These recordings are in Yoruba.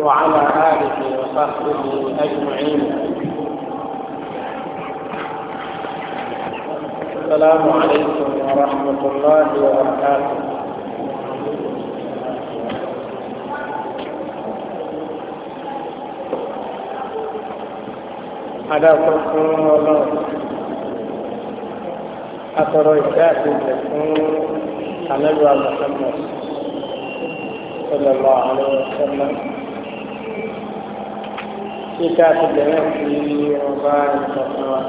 وعلى آله وصحبه أجمعين السلام عليكم ورحمة الله وبركاته على تكون الله أترى الشاكل تكون حمد محمد صلى الله عليه وسلم في كاس الجنة في رمضان الصفوان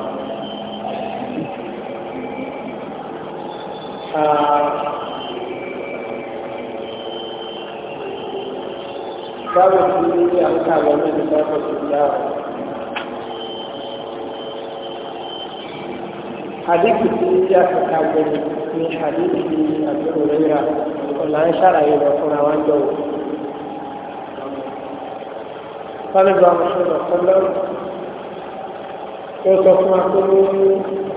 كانت في أحكام الله hadithi tí a kò ká gbẹ̀yìn ní hadithi tí àbí òrìra ọ̀là ń ṣàlàyé lọ fúnra wa jọ wò. Sálẹ̀bà Mùsùlùmí ọ̀sọ́lọ́ ó sọ fún wa pé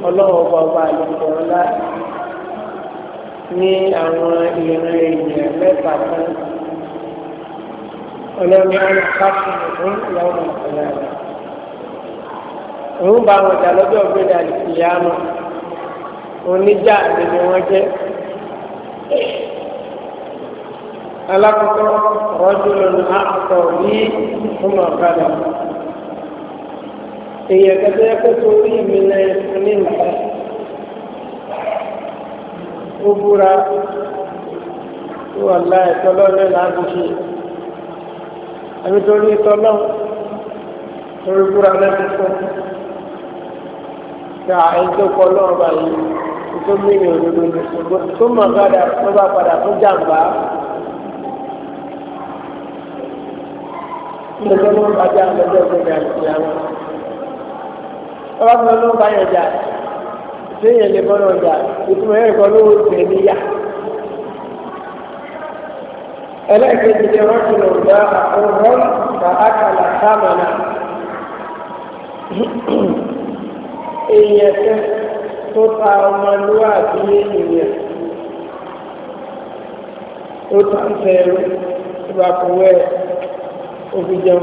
ọlọ́run ọba ọba àlejò ńlá ní àwọn ìran èèyàn mẹ́ta kan ọlọ́run á ń fún ìyàwó ọ̀sán náà. Òun bá wọn jà lọ́jọ́ gbé ìyá náà oníjà àti ni wọ́n jẹ́ alakoko rọdùlù akọ yìí fún ọ̀kadà èyí ẹ̀kẹ́tẹ́ ẹ̀kẹ́ tó rí mi náà ẹ̀sìn ní nǹkan ó búra tó wà láì tọ́lọ́ ní láti ṣe àbí tó rí tó rí búra náà tó fún ṣe àìjọpọ̀ náà báyìí tó mímì òdodo ni tó mọ̀ gbádà tó bá padà fún jàǹbá. Ìgbésẹ̀ ló ń bá jà lọ́jọ́ ìgbésẹ̀ àti ìyàwó. Ọba fún ọlọ́run bá yẹn jà séèyàn lè bọ́lọ̀ jà ìtumọ̀ yẹn kọ́ ló tẹ̀ níyà. Ẹlẹ́ẹ̀kejì ni wọ́n ti lọ gba ọ̀rọ̀ ìgbà àkàlà sáàmà náà. Èèyàn kẹ́kẹ́ tó ta ọmọlúwàbí ènìyàn ó ta ń tẹ ẹrú ìgbà kò wẹ òfin jẹun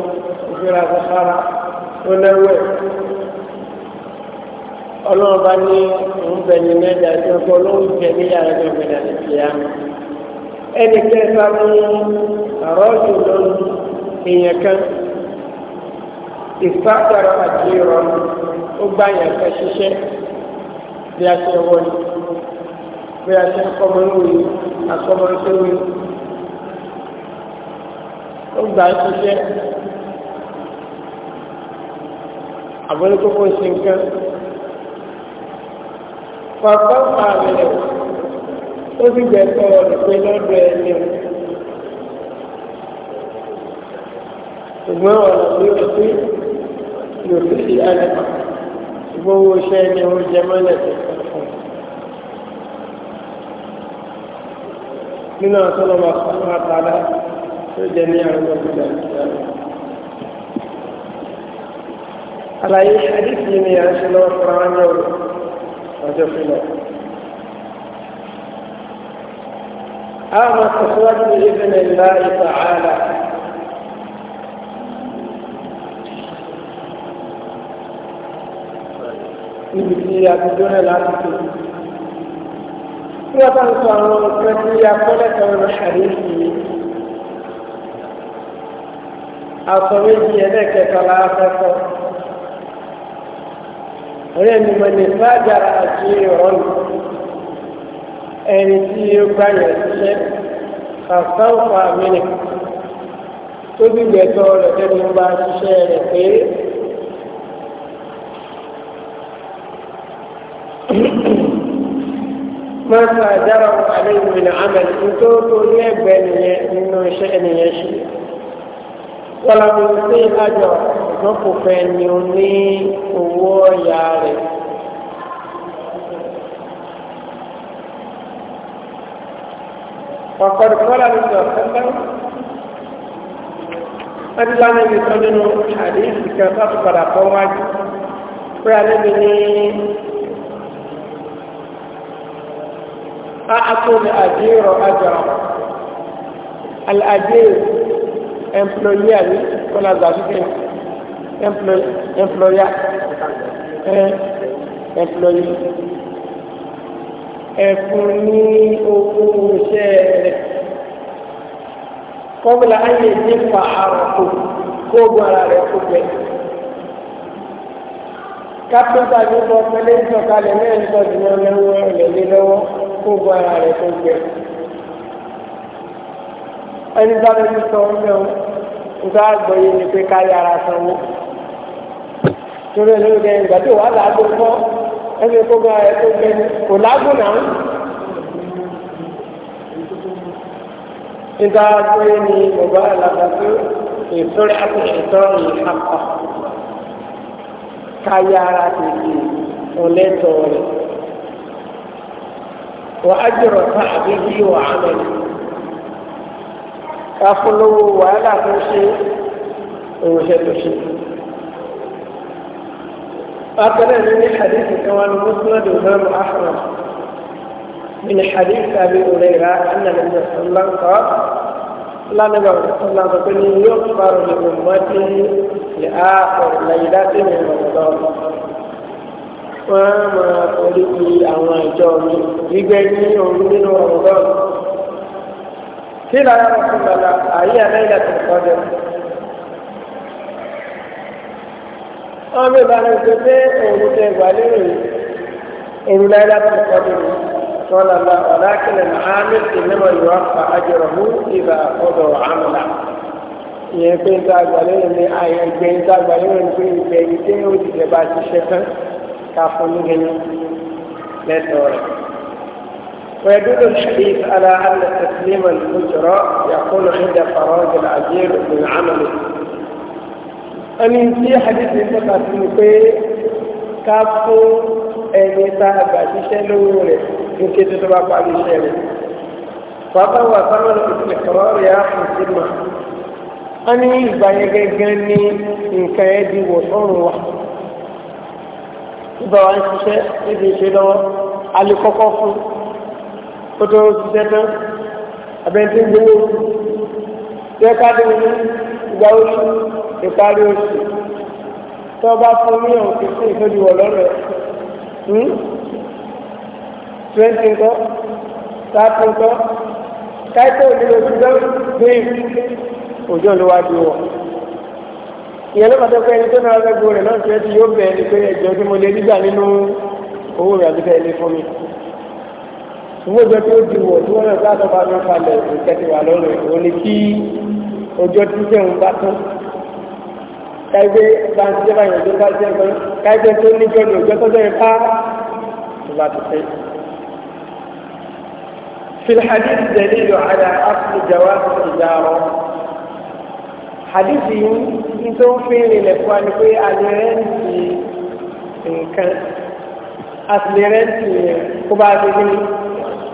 òfin ra sàkárà ó lẹwẹ ọlọ́run bá ní òun bẹ̀rẹ̀ ní ẹ̀dá tí wọ́n kọ́ lóun jẹ ní yàrá ní ọ̀gbẹ̀dà ní ìyá mi. ẹnì kẹta ní àrọ́jù lọ́nu èèyàn kan ìfáàkàrọ̀ àti ìrọ̀rùn ó gbà yàn kan bí a ṣe wọ ni bí a ṣe kọ́mọ lóye àkọ́mọ lóye ó gbà ń ṣiṣẹ́ àbọ̀lẹ́kọ́kọ́ ṣe nǹkan pàpà pààrọ̀ rẹ̀ ó sì gbẹ̀tọ̀ rẹ̀ pé lọ́dọ̀ ẹni rẹ̀. ṣùgbọ́n ọ̀nà bí o ṣe yóò fi ṣe àyẹ̀kọ́ ṣùgbọ́n owó iṣẹ́ ni ó jẹ mọ́lẹ̀ tó kọ́kọ́. nínú àtọ́nà máa fún wa tààlà tó jẹ ní àwọn ọmọdé àti àlàyé àdìsí ni à ń ṣe lọ́wọ́ fúnra wọn yóò ọjọ́ fúnra. àwọn akọ̀síwájú ní ìfẹ́ nàìjíríà ìfà ààlà. níbi tí a ti dúró láti tó. Tí wọ́n bá ń sọ àwọn nǹkan tí a kọ́ lẹ́kọ̀ọ́ lọ ṣàdéhùn yìí. Àsọ méjì ẹlẹ́kẹ̀ẹ́ta la fẹ́ sọ. Ọ̀rẹ́ mi mọ̀ ní sáàjára àti ìrọ̀lù. Ẹni tí ó gbá yẹn ṣiṣẹ́ kàtàǹfà mìíràn. Tó dìgbẹ̀tọ̀ rẹ̀ tẹ́lẹ̀ ń bá ṣiṣẹ́ rẹ̀ pé mọ́tò àjárọ̀ àléwò ní amẹ́lì nítòótó ní ẹgbẹ́ nìyẹn nínú iṣẹ́ ènìyàn ṣe. Wọ́lámi ṣé àjọ wọn kò fẹ́ ni o ní owó ọ̀yà rẹ̀. Ọ̀kọ̀dù kọ́lá ní sọ pẹ́pẹ́. Wọ́n ti láwọn ibi àdéhùn kan tó padà bọ́ wájú. Pé alẹ́ mi ní أعطوا الأجير أجره الأجير employer ولا ذلك employer employee ẹ̀fún ní owó iṣẹ́ rẹ̀ kọ́bùlà ayé nípa àròkò kó gbára rẹ̀ kó gbẹ. kápẹ́ńtà ní bọ́ pẹ́lẹ́ńtì ọ̀kalẹ̀ mẹ́rin sọ̀dùnmọ́ lẹ́wọ́ ẹ̀lẹ́lẹ́ lọ́wọ́ kó bọ ara rẹ̀ kó gbẹ. ẹni bá lórí sọ ọ́nà nǹkan àgbọ̀yé ni pé ká yára sanwó. torí ẹni ló dé ìgbà tí wàá làágbó fọ́ ẹni kó bọ ara rẹ̀ kó gbẹ kò lágbó náà. nígbà àgbọ̀yé ni bàbá àlàbàtú ìtọ́rẹ́ àtúnṣetọ́ ìhàpá ká yára tètè ọ̀lẹ́tọ̀ọ́ rẹ̀. وأجر تعبه وعمله أخلو ولا تنسي شيء أقل من حديث كوان مسند إمام أحمد من حديث أبي هريرة أن النبي صلى الله عليه وسلم قال لا نبي صلى الله عليه وسلم يغفر لآخر ليلة من رمضان wọ́n á máa forí fi àwọn àjọ mi gbígbẹ́ ní òru nínú ọ̀rọ̀ kílá yàrá fún bàbá ayé àlẹ́yìnlá tó kọ́ jẹ. wọ́n bí ìbára ń pèsè òru tẹ ìgbàlérò yìí òru láyìnlá tó kọ́ jẹ yìí. قال الله ولكن العامل إنما يوفى أجره إذا قضى عمله ìyẹn pé ń ta àgbàlẹ́ rẹ̀ ní àyẹ̀ ìgbẹ́ ń ta àgbàlẹ́ rẹ̀ ní pé ìgbẹ́ yìí tí ó ti jẹba ṣiṣẹ́ tán تاخذ منهم ليس ولد ويدل الحديث على ان تسليم الاجره يكون عند فراغ العزيز من عمله أمين في حديث يسوع المسيح كافو أنيتا أبادي شلول إنك تتبع بعد شلول فطا وطمن في الإقرار يا حسيمة أمين بايقى جاني إنك يدي وطن وحسن nígbà wa ń ṣiṣẹ́ níbi ìṣe lọ́wọ́ alikọ́kọ́ fún kó tó ṣiṣẹ́ tán abẹ́ntí ń gbowó tẹ́ káàdì ní ìgbà oṣù ìparí oṣù tó bá fún ní ọ̀hún kí fún ìtọ́jú wọ̀ lọ́rọ̀ ẹ̀ hmm? twenty nkọ́ thirty nkọ́ káìtó ìdílé oṣù tó gbé òjò ló wá ìyẹn ló pàtó pé ẹni tó náà lẹ́gbọ́ rẹ̀ náà tiẹ́ ti yóò bẹ̀ ẹni pé ẹjọ́ tí mo lè nígbà nínú owó rẹ̀ àbíkẹ́ ilé fún mi. owó ọjọ́ tí ó di wọ̀ tí wọ́n náà bá tọ́ bá mi falẹ̀ ìkẹtì wà lọ́rùn ìwọ ni kí ọjọ́ tí sẹ́wọ̀n bá tán. káyipé bá ń ṣiṣẹ́ bá ṣiṣẹ́ kan káyipé tó níjọ́ ni ọjọ́ tó sẹ́yìn pa tó bá ti fẹ́. في الحديث دليل على أصل جواز الإدارة àdìsí yìí tó ń fi rìnlẹ̀ fún wa ni pé àdìrẹ́ǹtì nǹkan àtìlẹ́rẹ́ǹtì yẹn kó bá dé ní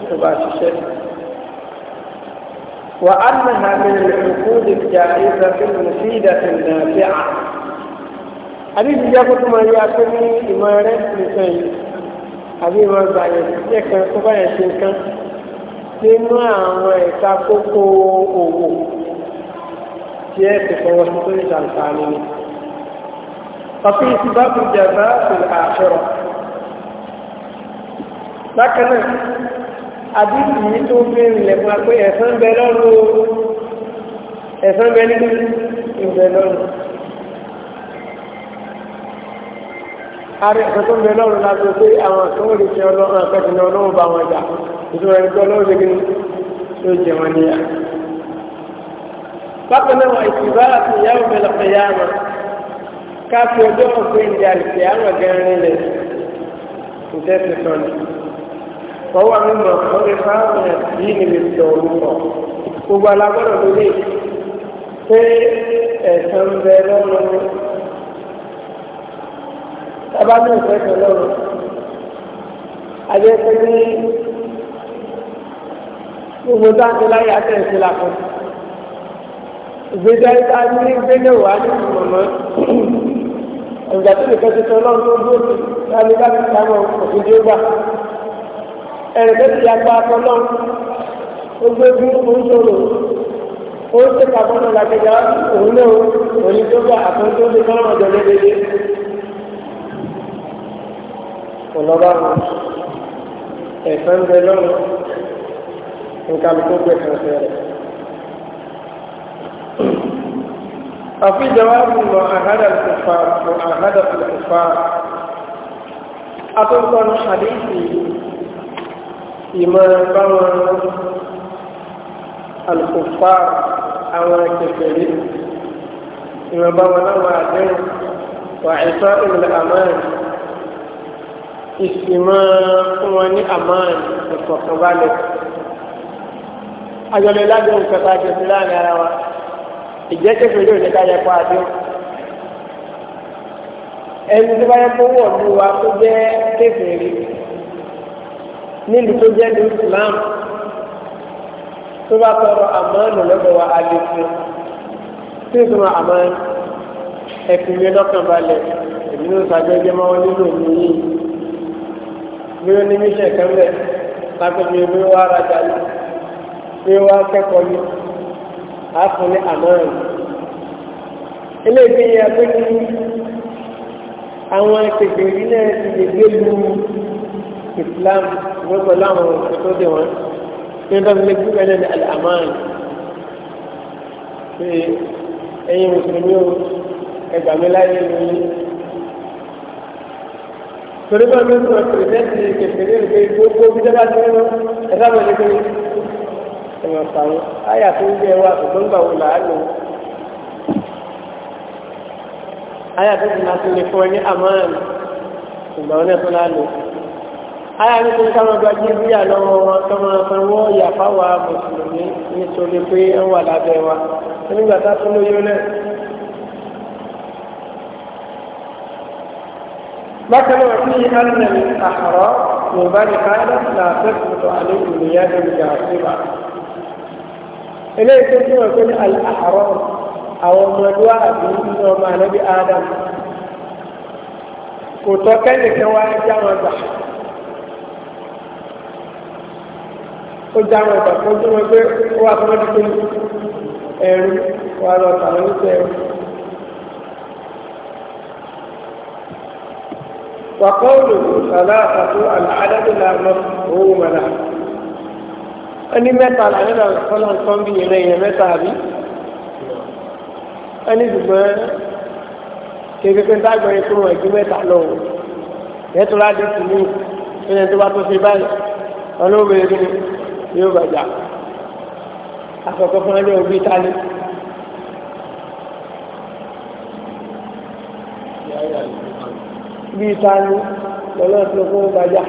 kó bá ṣiṣẹ́. وأنها من العقود الجائزة المفيدة النافعة àdìsí jẹ́ kó tó máa yá pé ní ìmọ̀ rẹ̀ nìkan yìí àbí ìmọ̀ gbà yẹn tí ẹ̀kan tó bá yẹn ṣe nǹkan nínú àwọn ìta òwò tí ẹ ti fọwọ́ sí tó ń ṣàǹfààní ni ọ̀fin ti bá bù jàmbá pẹ̀lú àṣọrọ̀ bákan náà àdìsí yìí tó fi rìnlẹ̀ fún wa pé ẹ̀san bẹ lọ́rùn o ẹ̀san bẹ nínú ìbẹ̀ lọ́rùn ààrẹ ẹ̀san tó ń bẹ lọ́rùn láti pé àwọn kan ó lè ṣe ọlọ́run àpẹẹrẹ ọlọ́run bá wọn jà ìṣòro ẹni tó ọlọ́run ṣe kí ni yóò jẹ wọn níyà bákan náà ìṣìbá àti ìyáwó mi lọ́pọ̀ yá wọn káfí ọjọ́ òfin ìdí àlùfẹ́ àwọn gẹ́rin rẹ̀ kò tẹ́sí kan ní. fọwọ́ mi mọ̀ lórí fáwọn yìí ni mi sọ orúkọ gbogbo alágbọ́dọ̀ lórí pé ẹ̀sán ìgbésẹ̀ ta ní gbẹ́dẹ̀ wà ní mọ̀mọ́ ìgbà tó nìkan ti sọ lọ́run tó dúró sí láti láti sáwọn òfin tí ó gbà ẹ̀rẹ̀ tó ti yàgbá akọ náà ó gbé bí ó ń sọ̀rọ̀ ó ń ṣe kàbọ́nà làkẹjà òun náà òun tó gbà àtúntò tó ń ṣe kọ́nà ọ̀jọ̀ lébedé ọlọ́run ẹ̀fẹ́ ń bẹ lọ́run nǹkan tó gbẹ̀sán sí rẹ̀. àfi jawabu mu'ahada al-kuffar mu'ahada al-kuffar atọ́gbọ́n hadithi ìmọ̀ báwọn al-kuffar àwọn kẹfẹ̀rí ìmọ̀ báwọn àwọn àdéhùn wà ìfá ìmìlẹ̀ àmáà ìsìnmọ́ fún wọn ní àmáà ìfọ̀kànbalẹ̀ ajọ́lẹ̀ lábẹ́ òkèta jẹ́ sí láàrin ìjẹ́ kékeré òní ká yẹ kó adé ẹni tó bá yẹ kó wọ̀ ní wa tó jẹ́ kékeré nílùú tó jẹ́ ní Islam tó bá tọrọ àmọ́nù lọ́dọ̀ wa adé fún tí ó tún àmọ́nù ẹ̀kún lọ́kàn balẹ̀ èmi ló sàgbẹ́ jẹ́ máa nílò mi yìí bí ó ní míṣẹ̀ kan bẹ̀ lápẹ́ mi bí ó wá ní bí kẹ́kọ̀ọ́ yìí àáfọ̀ ní àmọ́ràn eléyìí yẹ pé kí àwọn kèké yìí náà ti lè gbé lu Islam gbogbo láwọn òṣèlú tó dé wọn ní ọjọ́ ilé gbígbẹ́ náà ní àmọ́ràn pé ẹ̀yin mùsùlùmí o ẹgbàá mi láyé ní torí bá mi sọ̀rọ̀ pèrèsẹ́ǹtì kèké ní ìgbé gbogbo bí dábàá tó ń lọ ẹ̀dá mọ̀ ní ẹ̀wọ̀n pàrọ̀ àyà tó ń jẹ́ wa ṣùgbọ́n gbà wo làá lò àyà tó ti máa tún lè fún ẹ ní àmọ́ràn ṣùgbọ́n ọ̀nà tó lá lò àyà ní kí káwọn gba jíríà lọ́wọ́ wọn tó máa san wọ́n yà fáwa mùsùlùmí nítorí pé ń wà lábẹ́ wa nígbà tá a tún lóyún náà. مثلا فيه أن الأحرار مباركة لا تثبت عليه نيات جاثمة eléyìí tó túmọ̀ pé ní àhárọ̀ àwọn ọmọdúwà àbí nínú ọmọ ànábì Adam kò tọ́ kẹ́nìkan wá já wọn gbà ó já wọn gbà tó túmọ̀ pé ó wà fún ọdún ẹrú wà lọ tàwọn oníṣẹ́ ẹrú. وقوله ثلاثة العدد لا مفهوم له ẹni mẹ́ta làdẹ́dà sọ́lá nǹkan bí yẹn lẹ́yìn mẹ́ta àbí ẹni ṣùgbọ́n kékeré dágbọ́ yẹn tó wọ̀n ju mẹ́ta lọ o yẹn tó láti tì mí ẹni tó bá tó fi báyìí ọlọ́wọ́ yẹn ni yóò bàjá àkọ́kọ́ fún ẹni òbí tálẹ́. bíi tani lọ́lọ́ọ̀tún fún bàjá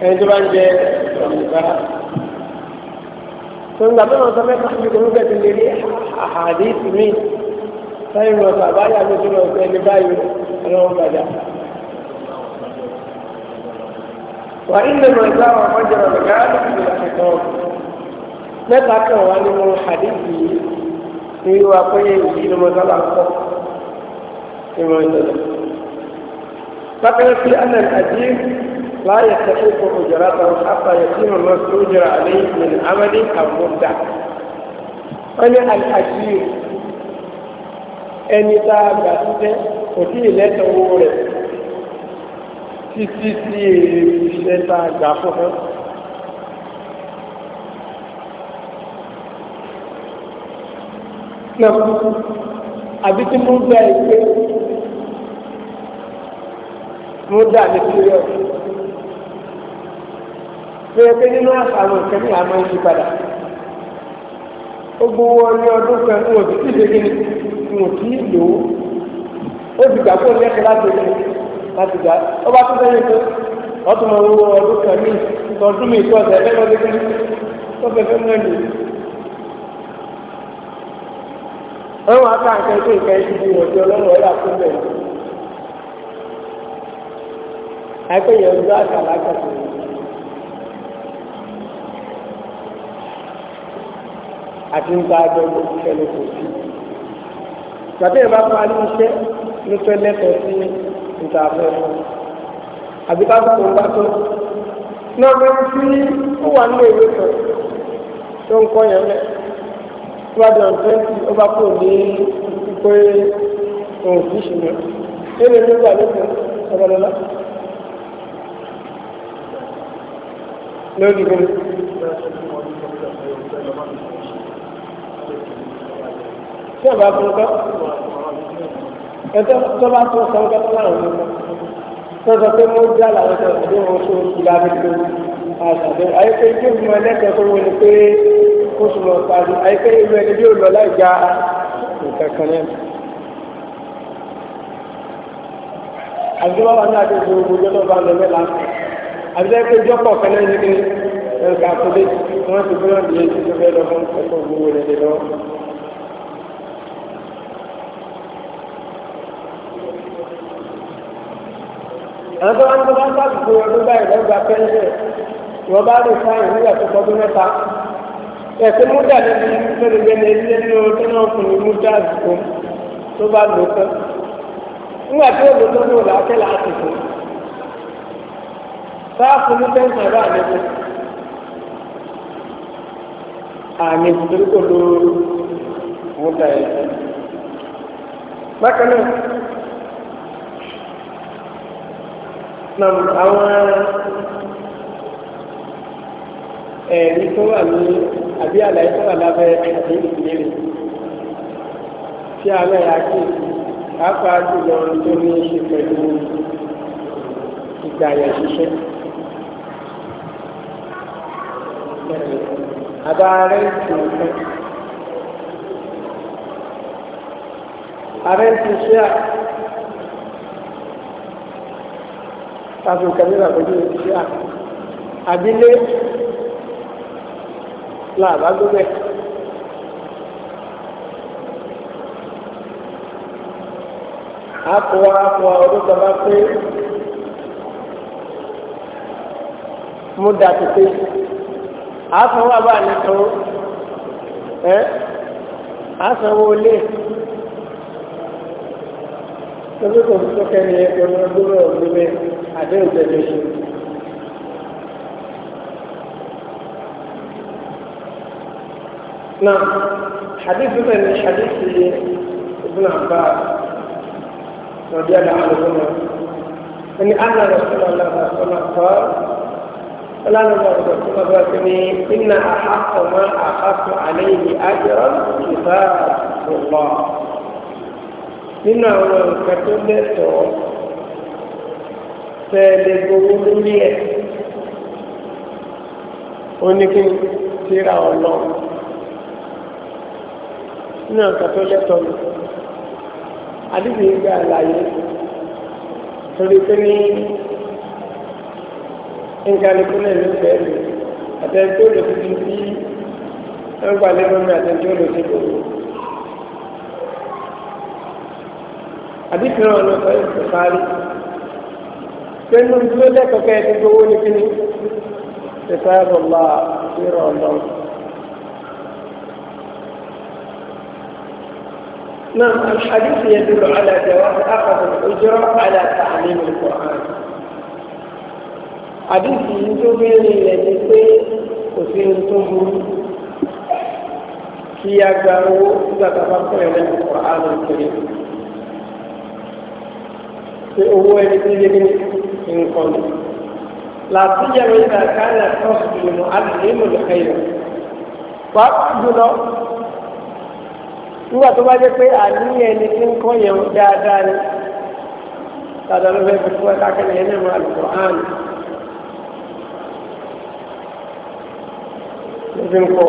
ẹni tó bá ń jẹ ọ̀nùká tó ń gbàgbé wọn sọ fẹ́ fún mi kò ní bẹ̀rẹ̀ lè rí àhàdé ìsinmi sáyẹn wọn sọ àbáyà mi tó lọ sọ ẹni báyìí ọlọ́run gbàdá. wà nílẹ̀ mọ̀ ìgbà wọn kọjá ọ̀nùká láti fi lọ́sẹ̀ tán mẹ́ta kan wà nínú àdéhùn yìí ní wíwá pé ìdí ló mọ sábà kọ́ ìmọ̀ ìṣẹ̀lẹ̀. bákan náà fi ànà àdéhùn لا يستحق أجرته حتى يكون ما استؤجر عليه من عمل أو مدة أنا الأجير ẹni tá a gbà síṣẹ́ kò tí ì lẹ́tọ̀ owó rẹ̀ títí sí èrè iṣẹ́ tá a gbà fún wọn. Nà àbí tí mo gbà ẹ pé mo dà ní pírẹ́ọ̀tì tó yẹ pé nínú àwọn nǹkan ní àmọ́ yí padà ó gbowó ní ọdún kan wọn ò sì kí ni wọn kì í lò ó ó sì gbà pé lẹ́kẹ̀ẹ́ láti ní láti gbà ó bá tún sẹ́yìn tó wọ́n tún máa wọ ọdún kan ní ìtọ́dún mi ìtọ́sẹ̀ ẹgbẹ́ lọ́dún kan tó fẹ́ fẹ́ mú ẹ̀mí. wọ́n wá ká nǹkan tó nǹkan ẹ̀sìn bí wọ́n ọlọ́run ọ̀yà fún bẹ́ẹ̀. àìpé yẹn ń gbọ́ àṣà lágbàtà àti ń gba àjọ ìlú ìfẹ́ ló kò sí. Gbàtẹ́ ìbá fún alẹ́ iṣẹ́ ló fẹ́ lẹ́tọ̀ọ́ sí ìta àfẹ́ fún. Àbí ká tó ń bá tó. Náà mo ń fi ó wà nínú ìwé kan tó ń kọ́ yẹn lẹ̀. Tí wàá dọ̀rọ̀ ó bá kò ní pé òun kì í ṣùgbọ́n. Lélẹ̀ ló gbà lóko Lórí gbogbo. ṣé ọba fún ọkọ ẹtọ tọba tó sọ ọkọ tó láwọn ọmọ tó sọ pé mo dá làwọn ọmọ tó ń sọ oṣù lábẹ́ tó àṣàbẹ àyíké tí ó mọ ẹlẹ́tọ̀ọ́ tó wọlé pé ó sùn lọ parí àyíké irú ẹni bí ó lọ láì já nǹkan kan náà. àdúgbò wa náà ti di gbogbo ọjọ́ náà bá lọ mẹ́la àdúgbò pé jọ́pọ̀ kan náà ní kí ẹ̀ka àkọlé wọn ti gbọ́dọ̀ lè ti tó lọ fún ẹ̀kọ́ gbogbo rẹ̀ lọ́wọ́. àwọn tó wọn tó bá ń bá gbogbo ọdún báyìí lọ́gbà pẹ́ńsẹ̀ wọ́n bá lè fáyìn nígbà tó kọjú mẹ́ta ẹ̀sìn múdà lẹ́nu lórí gbẹ́ni ilé ní orí náà fún ní múdà àdúgbò tó bá lò tán nígbà tí òòlù tó lò láti láti fún sáàfù ní pẹ́ńsẹ̀ bá àlejò àmì ìdúró kò lóoru múdà yẹn. bákan náà àwọn ẹ̀rí tó wà ní àbí àlàyé tó wà lábẹ́ àti ìbéèrè tí a mẹ́ra kí apá jùlọ tó ní í ṣe pẹ̀lú ìgbà yẹn ṣiṣẹ́. Àbá rẹ́ǹtì nǹkan. Àrẹ́ǹtì ṣíà. tàbí kẹmíra pẹ̀lú ìṣe à àbílé làbá gbọ́bẹ̀. akọwa akọwa ọdún tọba pé mo dà tètè àfọwọ́ àbá nìkan ẹ́ àsanwó lé lórí kò tó kẹ́ni ẹgbẹ̀rún ọdún mẹ́rin ọdún mẹ́rin. حديث جيش نعم حديث من الحديث ابن عباس رضي الله عنه أن انا رسول الله صلى الله عليه وسلم قال فلا نقول رسول إن أحق ما أخذت عليه أجرا كتاب الله إنه كتبت tẹ́lẹ̀ gbowó lórí ẹ̀ ó ní kí n síra ọ̀nà nínú nǹkan tó lẹ́tọ̀ọ́ mi àdìsí ìgbà àlàyé torí pé ní nǹkan ní kúlẹ̀ ló bẹ́ẹ̀ lò àtẹ̀jọ́ lò sí ti bí wọ́n gbà lẹ́nu mi àtẹ̀jọ́ lò sí gbogbo. àdìsí náà lọ sọ كل من جودك وكيف يقولك كتاب الله سيرة الله نعم الحديث يدل على جواز أخذ الأجرة على تعليم القرآن حديث يجوبين الذي وسنتم في أجاره على تفكر إلى القرآن الكريم في أول كلمة من قوله لا سيما إذا كان قصد المعلم الخير pàápàá jùlọ nígbà tó bá jẹ́ pé àníyàn ẹni tí ń kọ́ yẹn dáadáa ni tàdá ló fẹ́ fi fún ẹ̀ka kẹ́lẹ́ yẹn nínú Al-Qur'an ló fi ń kọ́.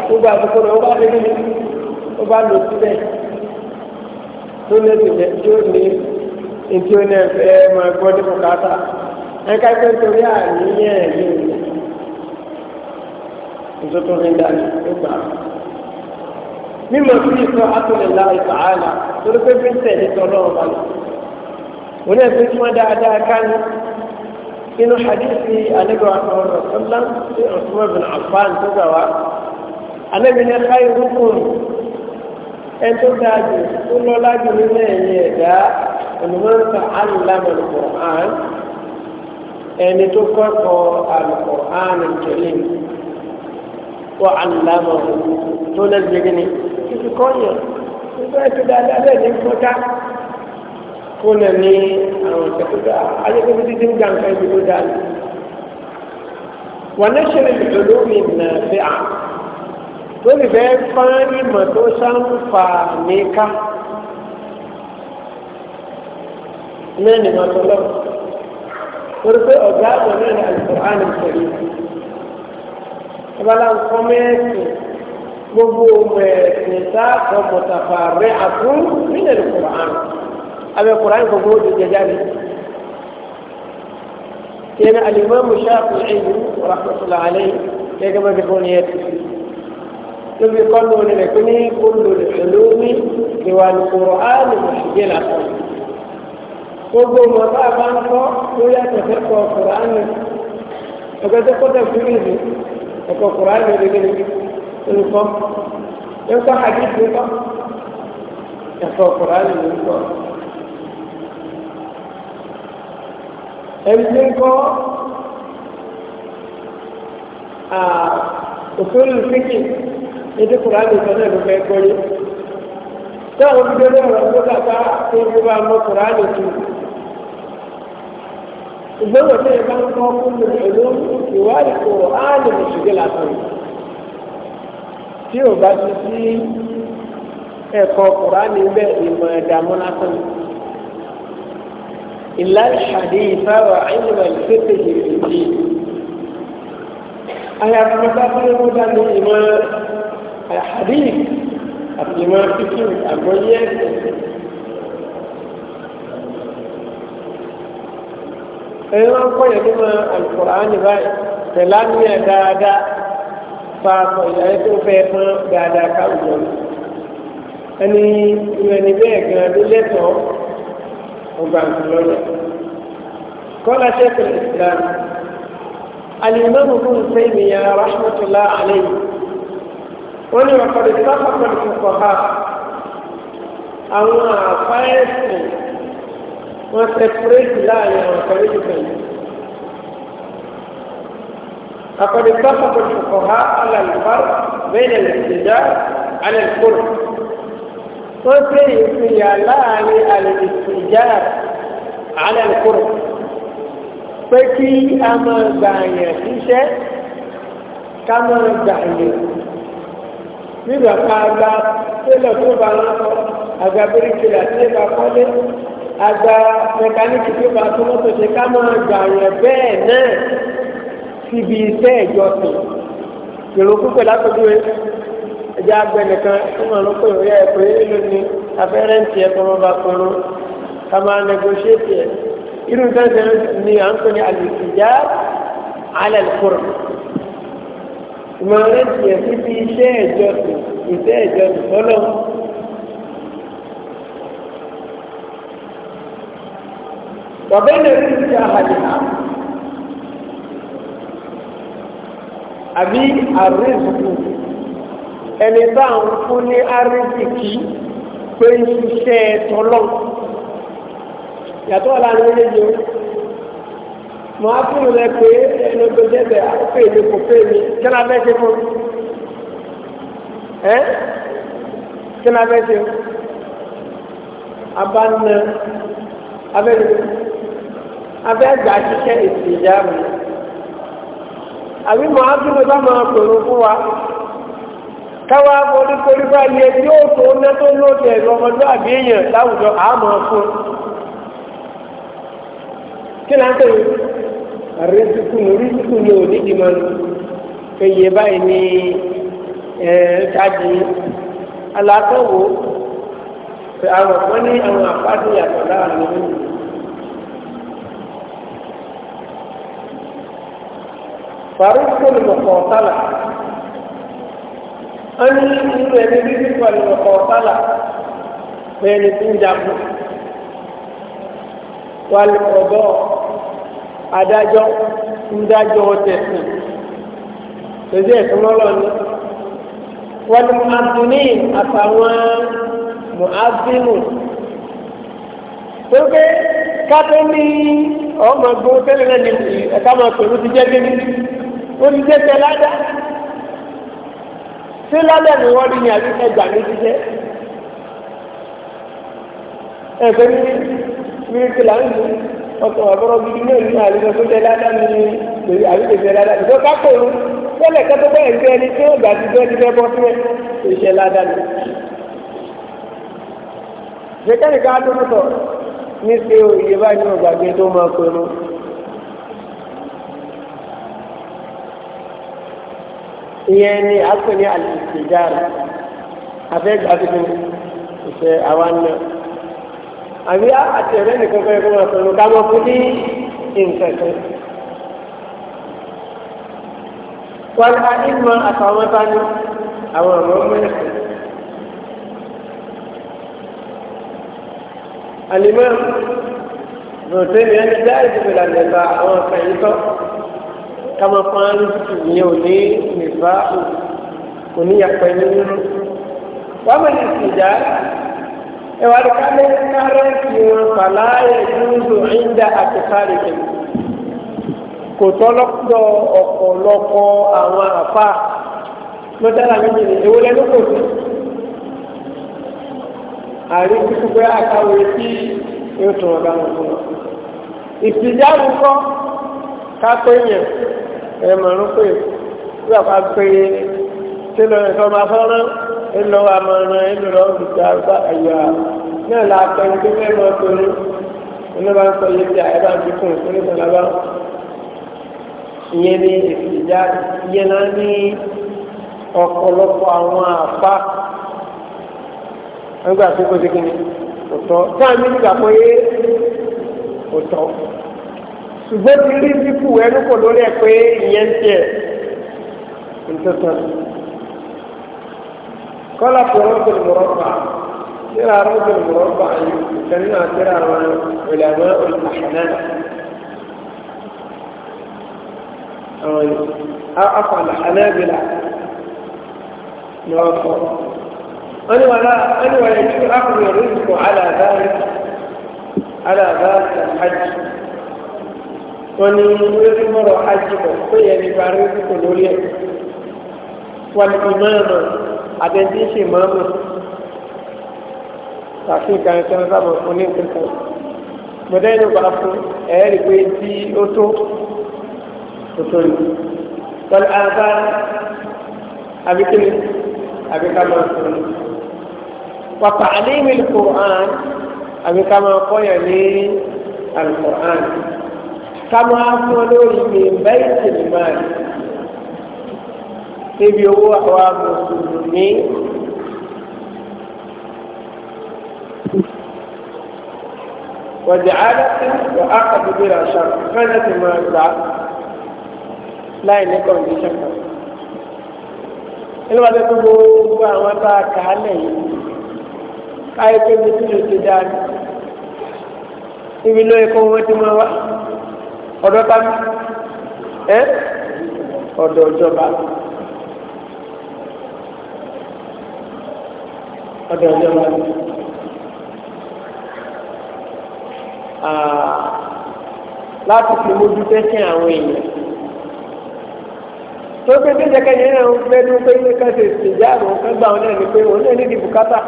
gbogbo àkókò rẹ̀ ó bá dé nínú ó bá lò síbẹ̀ tó lẹ́nu yẹn tí ó ní etí ó ní ẹ máa gbọ́ ní bùkátà ẹ ká pé nítorí àníyàn ẹ̀ ní ìlú nítorí ní dání ó gbà á. mímọ sí ìfọ àtúnilá ìfọ àlà torí pé bí ń tẹ̀lé tọ́lọ́ ọba lọ. wọ́n ní ẹgbẹ́ tí dáadáa ká inú hadithi alẹ́gbẹ̀wá sọ̀rọ̀ sọ́lá sí Usman bin Affan tó gbà wá alẹ́mi ní ká irú fún ẹ tó dáa jù tó lọ́lá jù nínú ẹ̀yìn ẹ̀dá olùmọ̀ọ́sà alùlámọ̀ lùkọ̀ án ẹni tó kọ́kọ́ àlùkọ̀ án ìjọlẹ̀ wọ alùlámọ̀ tó lẹ́sẹ̀ gíní títí kọ́yọ̀ nígbà tó dáadáa bẹ́ẹ̀ ní kọ́tà kó lè ní àwọn ìṣẹ́kọ̀tà ayélujára títí ń gbàǹkà ibi tó dáa. ونشر العلوم النافعه tó lè fẹ́ fán ìmọ̀ tó ṣàǹfààní ká náà ni wọn tó lọ́wọ́ torí pé ọ̀gá àgbọ̀n náà ní Al-Qur'an Al-Karim ìbálá nǹkan mẹ́ẹ̀sì gbogbo mẹ́ẹ̀sì sáàkọ̀ mọ̀tàfà rẹ̀ àtún nílẹ̀ Al-Qur'an abẹ́ Qur'an gbogbo ó jẹjá ni. يعني الإمام الشافعي رحمة الله عليه يجب أن يكون يتفي lóbi kọ́nù rẹ̀ pé ní olùdó ìlúmi ìwà nìkòrò áàlù ìṣèjì làkọ́. gbogbo ọmọ bá a bá ń kọ́ lórí àtẹ̀fẹ́ kọ ọ̀kọ̀rọ̀ áàlù ọ̀gẹ́dẹ́ kọ́tà fún ìlú ẹ̀kọ́ ọ̀kọ̀rọ̀ áàlù ìdílé olùkọ́ ẹ̀kọ́ àdìsí kọ́ ẹ̀kọ́ ọ̀kọ̀rọ̀ áàlù olùkọ́. ẹni tí ń kọ́ òṣèlú fíkì ètò kùránì sọ náà ló fẹ́ gbọ́ yé táwọn olùdó ní ọ̀rọ̀ tó kàkà tó ń bá mọ kùránì tù ìgbọ́dọ̀ tó yẹ bá ń kọ́ fún mi pẹ̀lú ìwádìí kò áàlì mùsùlùmí làtọ̀ yìí tí ò bá ti sí ẹ̀kọ́ kùránì bẹ́ẹ̀ ìmọ̀ ẹ̀dààmú lásán ìlà ìṣàdé ìfáwà ìmọ̀ ìfẹ́tẹ̀ ìrìnjì àyàfọ̀mọ́tà fún ẹ̀kọ́ dání ìmọ̀ ẹ̀dààmú àyàhàdíì àti ìmọ̀ fífi àgbọ́yé ẹ̀sìn. ẹni wọn kọ́ yẹn ní máa Al-Qur'ani báyìí pẹ̀lú àmì ẹ̀ dáadáa fa àpọ̀ ìyáyé tó fẹ́ fún dáadáa káwùjọ ẹni ìwé ni bẹ́ẹ̀ gan-an ló lẹ́tọ̀ọ́ ọgbà ìgbìlọ́lẹ̀. قال شيخ الإسلام الإمام ابن تيمية رحمة الله عليه wọ́n ní ọ̀kadì sáfàkọ̀ ìkọ̀kọ̀ ha àwọn àfáẹ́sì wọ́n sẹpẹrẹtì láàrin àwọn ọ̀kadì ìkọ̀kọ̀ yìí اتفق الفقهاء على الفرق بين الاحتجاج على الكره وسيف يلان الاحتجاج على الكره فكي أما بان يخشى كما بان nígbà tá a gba tẹ́lẹ̀ tó bá ń kọ́ àgbà bíríkìlì àti ìgbà kọ́lé àgbà mẹkáníkì tó bá tó mọ́tò ṣe ká máa gbà yẹn bẹ́ẹ̀ náà síbi iṣẹ́ ìjọsìn èrò púpẹ̀ lápẹ́jú ẹ ẹja agbẹ nìkan tó máa ló pé òye ẹ pé èlò ni afẹ́rẹ́ǹtì ẹ kọ́ máa kọ́nu ká máa nẹgọ́ṣẹ́tì ẹ irú ìdánsẹ́ ni à ń pè ní àlùfíjà alẹ́ kúrò ìmọ̀ràn ti ẹ̀ fífi iṣẹ́ ìjọsìn iṣẹ́ ìjọsìn tọ́lọ̀. Bàbá ìlẹ̀ ti ti àhàlì hà. Àbí àrísìkì ẹni bá ń fún ní àrísìkì pé iṣẹ́ tọ́lọ̀. Yàtọ̀ àlàyé méjèèjì o màá fún mi lẹ pé ẹnu tó jẹ bẹ àpè mi kò pè mí kí ni a fẹ́ ṣe fún ẹ kí ni a fẹ́ ṣe abanna abẹ́rẹ́ abẹ́ gbà ṣiṣẹ́ ìsìnjà mi àbí màá fún mi bá máa pèrò fún wa káwá forí forí bá yẹ tí ó tó ná tó lóde ẹ̀rọ ọmọdé àbí láwùjọ àmọ́ fún kí ni a ń tẹ̀lé àrísìkú rísìkú ni ò nídìí mọ́ ẹyẹ báyìí ní ṣáàjì alátọ́wò àwọn ọ̀pọ̀ ní àwọn àpáàdé yàtọ̀ láàrin nínú. faruku ni mọ̀kọ̀ọ̀tàlà wọ́n ní irú ẹni rísìkú ni mọ̀kọ̀ọ̀tàlà bẹ́ẹ̀ ni tí ń jagun wàlúkọ̀ọ́dọ́ọ̀ adájọ́ ń dájọ́ tẹ̀sán lójú ẹ̀sùn lọ́lọ́ni wọ́n ní muhammadini àtàwọn muhammadu pépé kátó ní ọmọ gbogbo tẹ́lẹ̀ náà ní ẹ̀ka máa pẹ̀lú ti jẹ́ débi ó ti jẹ́ tẹ ládá sí ládá ni wọ́n rí ní àbí ẹgbàá ní ti jẹ́ ẹ̀fẹ́ ní ní kìlá ń lò ọkọ̀ ọ̀bọ̀rọ̀ gidi náà ní àlejò tó tẹ ládàá ní lórí àlejò tẹ ládàá ìjọ ká kò rú tẹ́lẹ̀ kẹ́tọ́ bẹ́ẹ̀ gbé ẹni tí ó gbà ti bẹ́ẹ̀ ti bẹ́ẹ̀ bọ́ sílẹ̀ tó ṣe ládàá ní. ṣèkẹ́rì ká tó tọ̀ ní ṣe òye báyìí ní ọ̀gbàgbé tó máa pinnu. ìyẹn ni a pè ní àlejò ìjára àfẹ́ gbàgbé ìṣe àwọn náà àbí àti ẹ̀rẹ́ nìkan fẹ́ kó máa sọ̀rọ̀ ká máa fún ní nǹkan kan. wọn á ní mọ àtàwọn bá ní àwọn ọmọ mẹ́rin. àlìmọ́ rọ̀tẹ́ni ẹni dáì dìbò làlẹ́bà àwọn àkàyíkọ́ ká máa fún án lóṣù yẹn ò ní nìbá òníyàpẹ́ nínú. wàá mọ̀ ní ìsìn ìjà ẹwà ní kálẹ̀ kárẹ́ǹtì wọn fàlàyé dúdú ìndà àtìkárì kì kò tọ́lọ́dọ̀ ọ̀pọ̀lọpọ̀ àwọn àfa lọ́dọ̀lá méjì ní ewé lẹ́nu kò sí. àrí kíkú pé àkàwé tí yóò tún ọ̀gá wọn fún wọn. ìsìjà àwùkọ́ kápẹ́ yẹn ẹ̀mọ̀rún pé wíwà pa pé tí lọ́rẹ̀ sọ́mọ́ afọ́rán ńlọ wa mọ ọ̀nà ńlọ lọ òbí tó àgbà ẹ̀yà náà la pẹ́ ní pé mọ́ torí ńlọ bá ń sọ yé bíi àyẹ̀bá ń fi kún fún ìsọ̀lá bá ìyẹn ní èsì ìjà ìyẹn náà ní ọ̀pọ̀lọpọ̀ àwọn àpá nígbà tó kó segin ni òtọ́ sáàmì nígbà pé òtọ́ ṣùgbọ́n ti rí dípò ẹnu kò lórí ẹ̀ pé ìyẹn ń tiẹ̀ ń tó قال رد المربع ترى رد المربع يسمى ترى علماء الأحناف أقع الحنابلة نوافر أنا ولا أنا ويجب أقضي الرزق على ذلك على ذلك الحج ونريد مرة حج بقية لبارزق الوليد والإمامة àtẹ̀jí ń ṣe mọ́ọ́mọ́ tàbí nǹkan ẹ̀ṣẹ́ ń sábà fún ní nǹkan kan gbọ́dọ̀ yìí ló bá fún ẹ̀ẹ́rì pé tí ó tó tó tó ní pẹ̀lú àbá àbíkíni àbíká máa fún un wàtà àléèmí kùrán àbíká máa kọ́yà ní alùpùrán ká máa fún ọ lórí níbi owó àwa mùsùlùmí. wàjàálàtì wà á kàdúgbò àṣà kánà ti máa gbà láì ní kọ̀ǹdíṣàn kan. nígbà tó gbogbo àwọn bá a kà á lẹ̀ yìí káyé pé mi ti lè ti dáa níbi lóye kó wọ́n ti máa wá ọ̀dọ́ tá ẹ́ ọ̀dọ̀ ìjọba. ọdọ ọjọ́ wa ni. láti fi mójú tẹ́sán àwọn èèyàn. tó pé tó jẹ́kẹ́ yẹn náà ń fẹ́nu pé ní ká ṣe ìjà àwọn kan gbà wọn náà ni pé òun náà nídìí bùkátà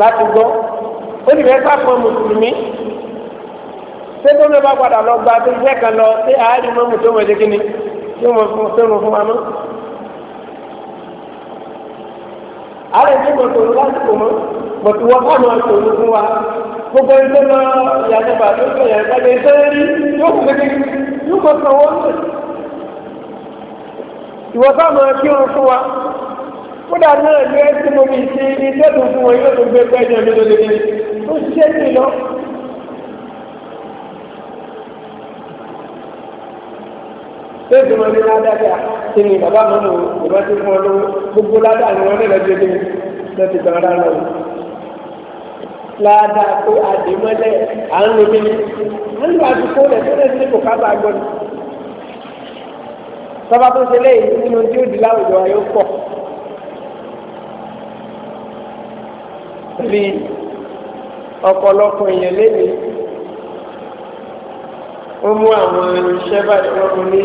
láti gbọ́. ó sì fẹ́ sáfọ́ mùsùlùmí. ṣé tó ń bá padà lọ gba tó jẹ́ kan lọ sí àárín mọ́mù tó mọ̀ ṣe kí ni tí mo fún wa mọ́. ààrẹ ní mọ̀tò lásìkò mọ́ bọ̀tù wọn kọ́ máa tòun fún wa gbogbo ẹgbẹ́ máa yàtọ̀ bàtú ìfẹ̀yà ìfẹ̀yà ìfẹ̀yà rí yóò fún mi yóò mọ̀ sàn wọ́n mọ̀ ìwọ bá máa kí wọn fún wa kódà náà ní ẹsẹ̀ mọ́mi ti iṣẹ́ tó fún wọn yóò tó gbé pẹ́ẹ́jọ́ mi lóde ní ó ṣiṣẹ́ sí lọ léèdì wọn ní ládàá kí ni bàbá mi lò ìbá ti fún ọ lówó gbogbo ládàá ni wọn nílẹ̀ gbé débi lọ́ti gbà rà lọ. ládàá tó àdèmọ́lẹ̀ à ń lo kíni wọ́n lọ àdúgbò rẹ̀ tó lẹ́sìn ní kò kábà gbọ́n. tọ́ba tó ṣe léyìí nínú tí ó di láwùjọ ayé pọ̀. rí ọ̀pọ̀lọpọ̀ èèyàn léyìí ó mú àwọn irinṣẹ́ báyìí wọ́n mú ní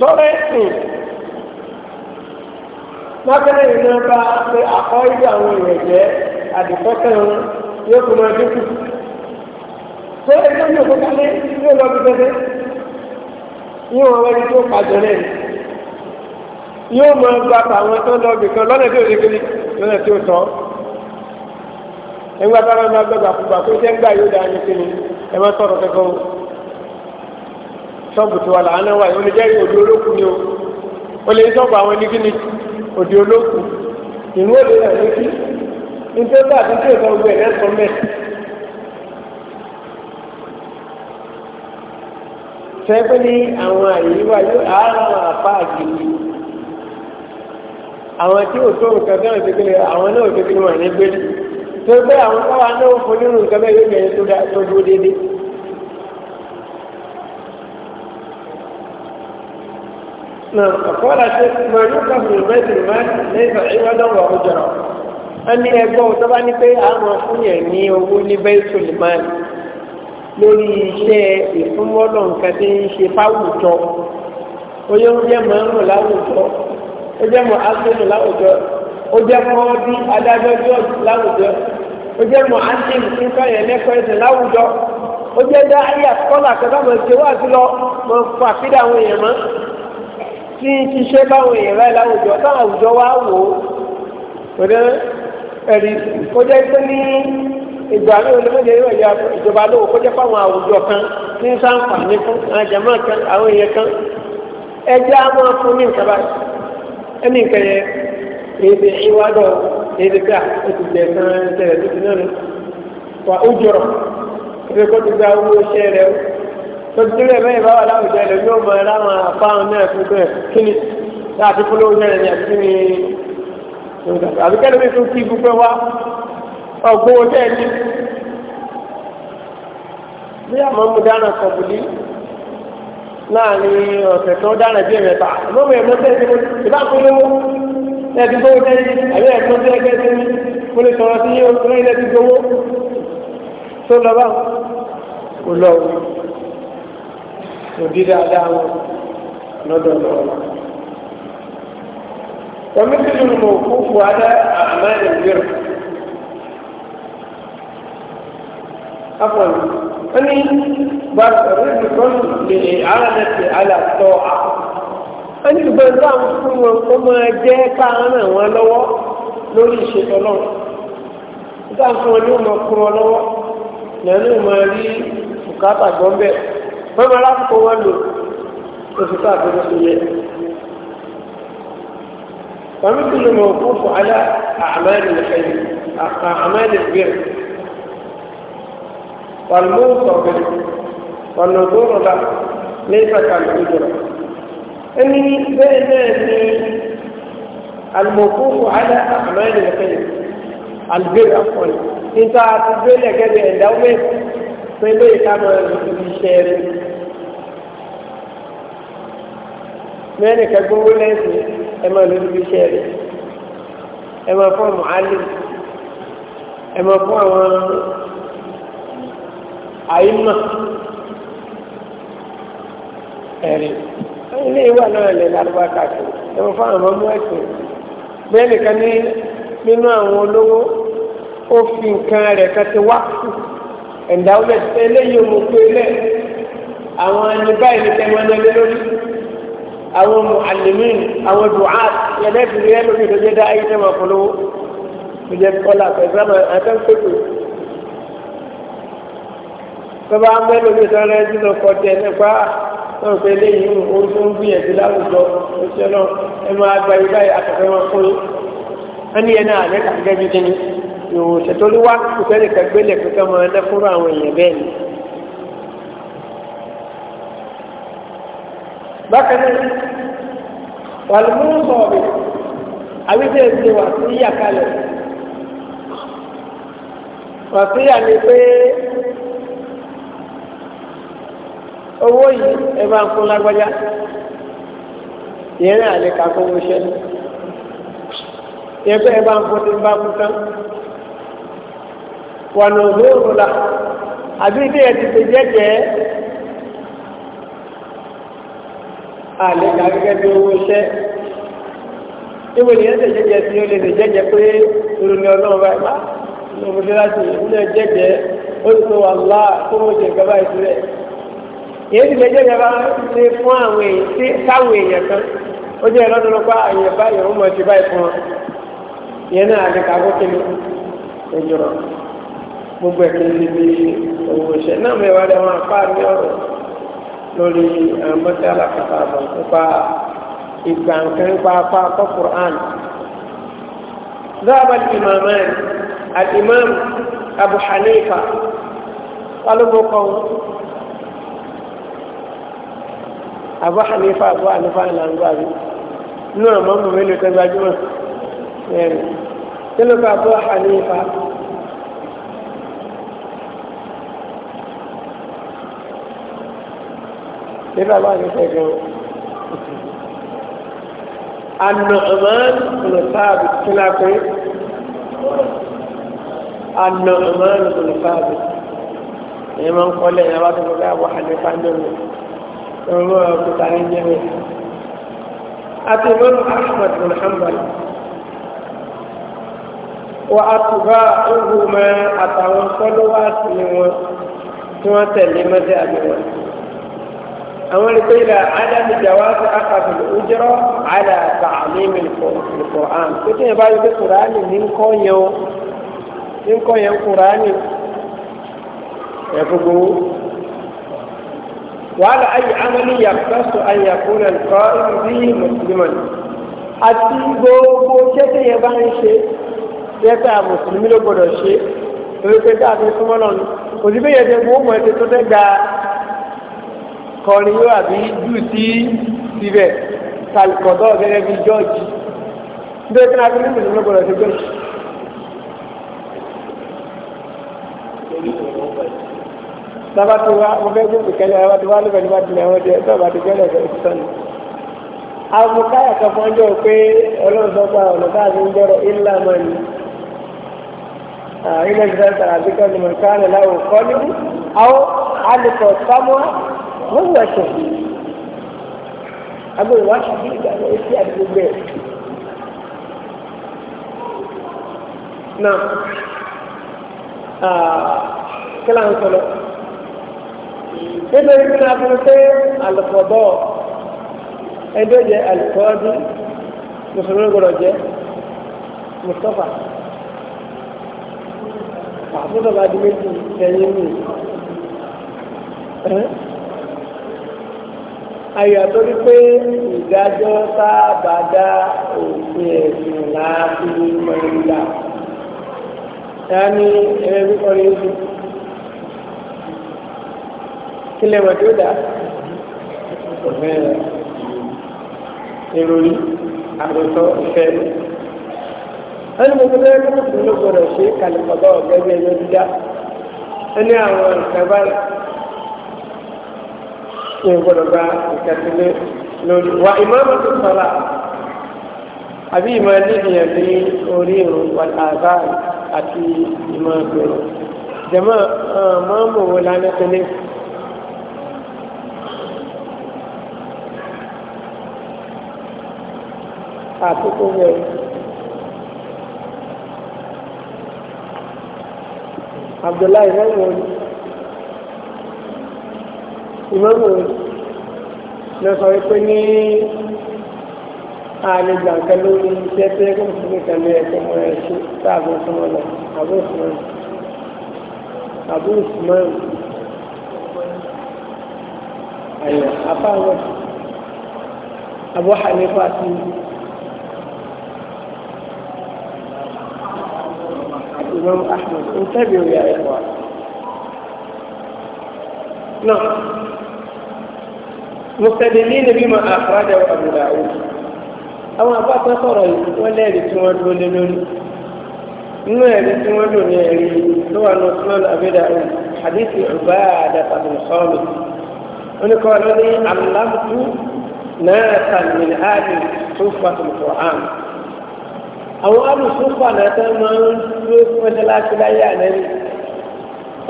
lọ́rọ̀ ẹ̀sìn lábẹ́rẹ́ yìí náà bá pé àkọ́ ìdí àwọn èèyàn wọn yóò kó máa dínkù. tó ẹgbẹ́ mi ò kọ́kọ́ lé yóò lọ bí tẹ́tẹ́ yóò wọ́n wẹ́ni tó yóò àwọn tó lọ tí ò lè kiri tí ò fún ń gbà yóò dáa ní kiri ẹ má tọrọ ṣọ́ọ̀bù tiwa làánà wà yìí ó lè jẹ́rìí òdi olókùn ni o ó lè ṣọ́ọ̀bù àwọn ẹni kíni òdi olókùn ìlú òde náà ní kí nítorí àti tí èso gbogbo ẹ̀ lẹ́sọ̀ mẹ́. sẹ́gbẹ́ ní àwọn àyè wa yóò àárọ̀ àpá àgbègbè àwọn tí ò tó nǹkan tí wọ́n ti kíni àwọn náà ò ti kíni wọ́n ní gbélé tó gbé àwọn káwa náà fún nínú nǹkan bẹ́ẹ̀ yóò فقال الشيخ ما يوقف من بيت المال ليس عوضا وأجرا ẹni ẹgbọ́ tó bá ní pé àwọn fúnyẹ̀ ní owó ní bẹ́ẹ̀tù lìmán lórí iṣẹ́ ìfúnmọ́lọ̀ nǹkan tí ń ṣe fáwùjọ oyé ń jẹ́ mọ́rùn láwùjọ ó jẹ́ mọ́ áṣẹ́nù láwùjọ ó jẹ́ mọ́ bí adájọ́ george láwùjọ ó jẹ́ mọ́ áṣẹ́n nǹkan yẹn lẹ́kọ̀ọ́ ẹ̀sìn láwùjọ ó jẹ́ dá ayé àkọ́lá kẹfà mọ̀ ṣe wá sí lọ mọ̀ fà fídà àwọn èèyàn mọ́ tí ń ṣiṣẹ́ báwọn èèyàn láì láwùjọ táwọn àwùjọ wá wò ó pẹ̀lú ẹ̀rí kó jẹ́ pé ní ìgbà ní olómọdé yóò ya ìjọba lówó kó jẹ́ fáwọn àwùjọ kan tí ń sáǹfààní fún àjàmọ́ kan àwọn èèyàn kan ẹjẹ́ á máa fún ní nǹkan báyìí ẹnì nǹkan yẹn èdè ìwádọ̀ èdè gbà ó ti jẹ tán tẹ̀lé tuntun náà wà ó jọrọ̀ ẹgbẹ́ kó ti gba owó iṣẹ́ rẹ̀ ó tòtítúrẹ́ bẹ́ẹ̀ bá wà láwùjọ ẹ̀rọ yóò mọ ẹ̀ráwọn afáwọn náà fún bẹ́ẹ̀ kí ni láti polówó jẹ́rẹ̀ ní àti ní àbíkẹ́lẹ́ mi tún kí gbogbo wa ọgbọ́n ojú ẹni bí àmọ́ mo dáná kọ̀bùlí láàrin ọ̀sẹ̀ tó dáná bí ẹ̀mẹ́ta lóòwò ẹ̀mọ́tẹ́ ìbá polówó ẹ̀dùn gbówó tẹ́lẹ̀ àbí ẹ̀mọ́tẹ́ ẹgbẹ́ tẹ́lẹ̀ mo lè sọ̀rọ̀ sí yóò tó lẹ́yìn lẹ́dùn gbówó tó lọ bá kò lọ òun òdi dáadáa wọn lọ́dọ̀ lọ́wọ́. Wọ́n ti lù mọ̀ òkúfu adá àmà ìbírù. Afọ̀n, wọ́n ní gbàgbọ́ rẹ̀ kan lè ara rẹ̀ ti àlàtọ̀ à. Wọ́n ní ìgbà tó àwọn fún wọn kó máa jẹ́ káàán àwọn lọ́wọ́ lórí ìṣètò náà. Ìgbà fún wọn ní wọn wọn lọ́wọ́, ìyẹn máa rí bùkátà gbọ́n bẹ́ẹ̀. فما لا تقول له فمثل الموقوف على أعمال الخير أعمال البر والموصف والنظور له ليس كالأجرة إني بين الموقوف على أعمال الخير البر أقول إنت أعطي بلا كده عند أولي فإنه يتعمل في الشارع mẹ́rin kan gbówó lẹ́sìn ẹ máa lórí bí iṣẹ́ rẹ̀ ẹ máa fún àwọn ẹ máa ọrụ àwọn àyínmọ̀ ẹ̀rí ilé ìwà náà lè lárúbá káàkiri ẹ máa fún àwọn ọmọ ẹ̀sìn mẹ́rin kan ní nínú àwọn olówó ó fi nǹkan rẹ̀ ti wá pé lẹ́ àwọn ẹni báyìí ní lórí. àwọn mùhàlìmín àwọn duhat yẹlẹ́bi rẹ lórí ìdọ́jẹ́ dá ayé tẹ́ máa polówó ìjẹ́ kọ́lá pẹ̀sẹ́mà àtẹ́ńpẹ́pẹ́ tọ́ba mẹ́lò ní ìtọ́rẹ́ sínú kọ́tẹ́ nípa náà pé léyìn ohun tó ń gbìyànjú láwùjọ oṣù náà ẹ máa gba ibà àtọ̀fẹ́ wọn fún yín wọ́n ní ẹni àlẹ́ kàgẹ́ bíi kíni ìwòsàn tó lé kùtẹ́lẹ̀ kẹgbẹ́lẹ̀ kẹkẹ́ máa ná bákan náà wàlúmúrú sọ̀rọ̀ àwíjẹ́ ìṣe wà sí yàkalẹ̀ wà sí yàní pé owó yìí ẹ máa ń fún lágbájá ìyẹn náà lè kà ní pé ẹ ti ṣe jẹ́jẹ́ àlejò agẹ́gẹ́ bí owó iṣẹ́ níbo ni ẹsẹ̀ jẹ́jẹ́ sí olè ní jẹ́jẹ́ pé irú ni ọlọ́run bá yá ní òfin ilé jẹ́jẹ́ wà lá jẹ èyí ti lè jẹ́jẹ́ bá ṣe fún àwọn èèyàn sí sáwọn èèyàn kan ó jẹ́ ẹ̀rọ tuntun àyè báyìí ó mọ̀ ṣe báyìí fún wọn ìyẹn náà àti kàkó kiri ó gbogbo ẹ̀kẹ́ níbi owó náà lẹ́wọ̀n ọ̀rọ̀ lórí eh, mọ́tàlá kàtà àbọ̀ nípa ìgbà nǹkan nípa apá akọ́ Qur'an. ذهب الإمامان الإمام أبو حنيفة طلبوا قوم Abu Hanifa Abu Hanifa là ń gbà bí inú àwọn ọmọ mi lè tẹ́gbàjúmọ̀ ẹ̀rì tí ló kọ́ Abu Hanifa nígbà bá ní sẹ́gbẹ́ o. An-Nu'man bin Thabit kí la pé An-Nu'man bin Thabit èyí máa ń kọ́lé ẹ̀yà bá tó kọ́ bá wà ní fáńdọ̀mù ọmọ òkúta ní jẹ́mi. Àti Imam Ahmad bin Hanbal wa àtùbá ìhùmọ̀ àtàwọn sọ́lọ́wà sí wọn tí wọ́n tẹ̀lé mọ́tẹ́ àbí wọn. àwọn ẹni pé ilà ádámù jawaazu akadùn ojúrọ àlà tààmìmì kùrán tó tẹ̀ bá yẹ pé kùránì ní nkọ́ yẹn o ní nkọ́ yẹn kùránì ẹ̀ gbogbo wàhálà ayé amẹ́lí yàtọ̀sọ ayé àkúrẹ́ nǹkan ibi bí mùsùlùmí àti gbogbo tẹ́tẹ́ yẹn bá ń ṣe tẹ́tẹ́ à mùsùlùmí ló gbọdọ̀ ṣe kọrin yóò àbí jù sí síbẹ̀ kàlùkọ̀dọ̀ gẹ́gẹ́ bí jọ́ọ̀jì nítorí pé abúlé mi ló gbọdọ̀ ṣe jọ́ọ̀jì. sábà tó wá mo fẹ́ gbé kẹlẹ́ àwọn tó wá lóbẹ̀ ní wájú àwọn ọdẹ tó bá ti gbẹ́lẹ̀ ẹ̀fẹ́ ti sọ́nù. àwọn káyà kan fọ́n jọ pé ọlọ́run sọ pé ọ̀nà tá a ń gbọ́rọ̀ ilá máa ní. ilé ìfẹ́ sàrà bí kọ́ni wọ́n wù ẹ̀sùn agbóyè wá sí bí ìgbà náà sí àdúgbò bẹ́ẹ̀. Náà kílá ń sọ̀rọ̀ nínú ìgbà náà fún pé àlùfọ̀bọ̀ ẹgbẹ́ jẹ àlùfọ́ọ́dún mùsùlùmí gbọdọ̀ jẹ Mustapha àbúrò bá di méjì ẹ̀yìn mi àyàtọ̀ ni pé ìdájọ́ sábà dá òfin ẹ̀sìn láti mọ̀lẹ́gbà dání ẹ̀rẹ́ kíkọ́ ní oṣù kílẹ̀ wọ̀ tó dà ìròyìn àgbẹ̀tọ̀ ìfẹ́ rẹ̀ ẹni mo gbọ́dọ̀ ẹgbẹ́ tó ló gbọ́dọ̀ ṣe kàlùkọ́dọ̀ gẹ́gẹ́ ẹgbẹ́ dídá ẹni àwọn ìfẹ́ báyìí ṣe ń gbọ́dọ̀ gba lori lórí wa ìmáàmù tó sọ̀rọ̀ àbí ìmọ̀ ẹlẹ́yìn ní orí ìrùn wà àbá àti ìmọ̀ ìgbèrò jẹ̀mọ́ mọ́mù wo lánàá tẹ́lẹ̀ àkókò bẹ́ẹ̀. Abdullahi mọ́mù wo ni? Ìmọ̀mù wo lọ sọ wípé ní àlegbà kan lórí iṣẹ́ tó yẹ kó fún mi kan lé ẹ̀kọ́ mọ́ ẹ ṣe tá àbò súnmọ́ lọ àbò súnmọ́ àbò súnmọ́ àyà afáwọn àbò hànífà sí Imam Ahmad ń tẹ́bi òye àyẹ̀wò náà. mùsùlùmí bima akhrajahu Abu Dawud awon àbáta ta wọn lẹ́ẹ̀rí tí wọ́n dúró lé na inú ẹ̀rí tí wọ́n lò ní ẹ̀rí tó wà ní Sunan Abi Dawud hadithi Ubadah na Samit wọn ni kọ́ ọ min áàdì tó fàtùmù Qur'an àwọn alùsùn fà náà tẹ́ na ń dúró fún ẹ̀ṣẹ̀ ya láyé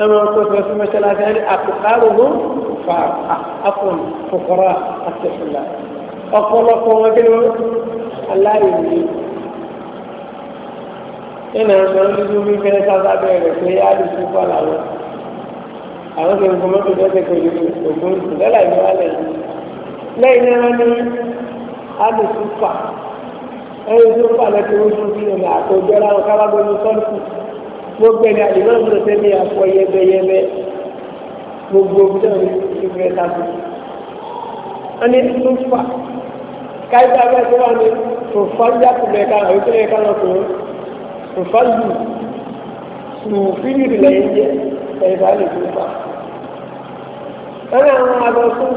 ẹmọ ń pèsè fún mẹsàlásì ẹni àpòkárò ló fa àfọn fòkọrọ àtẹfúnla ọ̀pọ̀lọpọ̀ wọn kí ló aláìní ẹnà ọ̀sán nínú mi fẹ́ sábà bẹ̀rẹ̀ pé alùpùpù kọ́ làwọn àwọn tó ń fọmọ tó dẹ́sẹ̀ pẹ̀lú ògùn ìdọ́là ìlú alẹ́ lẹ́yìn náà ní alùpùpù ẹni tó fà lẹ́kọ̀ọ́ oṣù tí ìrìn àtòjọ́ láwọn kábàgbọ́ ní sọ́ọ̀tù gbogbo ẹni àdìmọ́ ìgbọ́dọ̀ tẹ́lẹ̀ afọ yẹbẹyẹbẹ gbogbo ìgbọ́dọ̀ ìgbẹ́ tàbí. wọ́n ní tó fà káyíta bẹ́ẹ̀ tó wà ní òfàlùyà tó bẹ̀ ká àwọn ìpínlẹ̀ ká lọ́kọ̀ òfàlù sùnfìlì lẹ́yìn jẹ́ ẹ̀yìnbá lè tó fà. wọ́n ní àwọn àgbọ̀ fún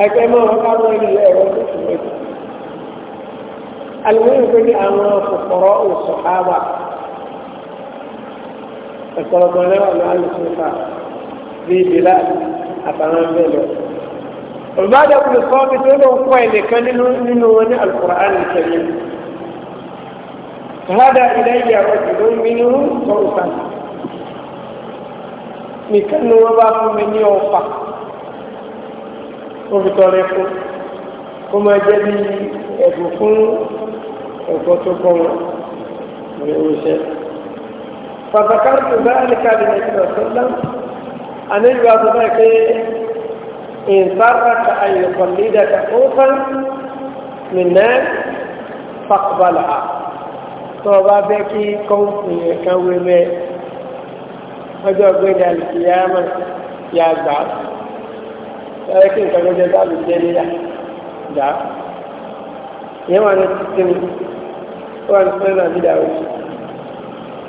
àìkẹ́mọ́ ọ̀ká mọ́ ilé ẹ̀rọ tó sùn lẹ́kọ̀ọ́. àlùmọ́ ìpínlẹ̀ àwọn fòkòrò òṣùpá wà ọ̀pọ̀lọpọ̀ lẹ́wà náà lè fún fa bí ìbílá àtàwọn bẹ́ẹ̀ lọ. olùbádà kùnú sọ́ọ́bì tó ló ń kọ́ ẹ̀ nìkan nínú wọn ní alukur'an kẹ́lẹ́. Tàhádà ilé ìyàwó ti ló ń bínú sọ́ọ̀tà. Nìkan ni wọ́n bá fún mi ní ọ̀fà. Ó fi tọrẹ fún. Ó máa jẹ́ bí ẹ̀bùn fún ẹ̀kọ́ tó kọ́ wọn. فذكرت ذلك للنبي صلى الله عليه وسلم أن الواجبات إن سرك أن يقلدك خوفا من نار فاقبلها توبا بكي كون كومي ọjọ́ gbẹ́dẹ̀ alìkìyàmà ya gbà á ẹ̀rẹ́ kí nǹkan lójẹ́ bá lè jẹ́ níyà dá ìyẹn wà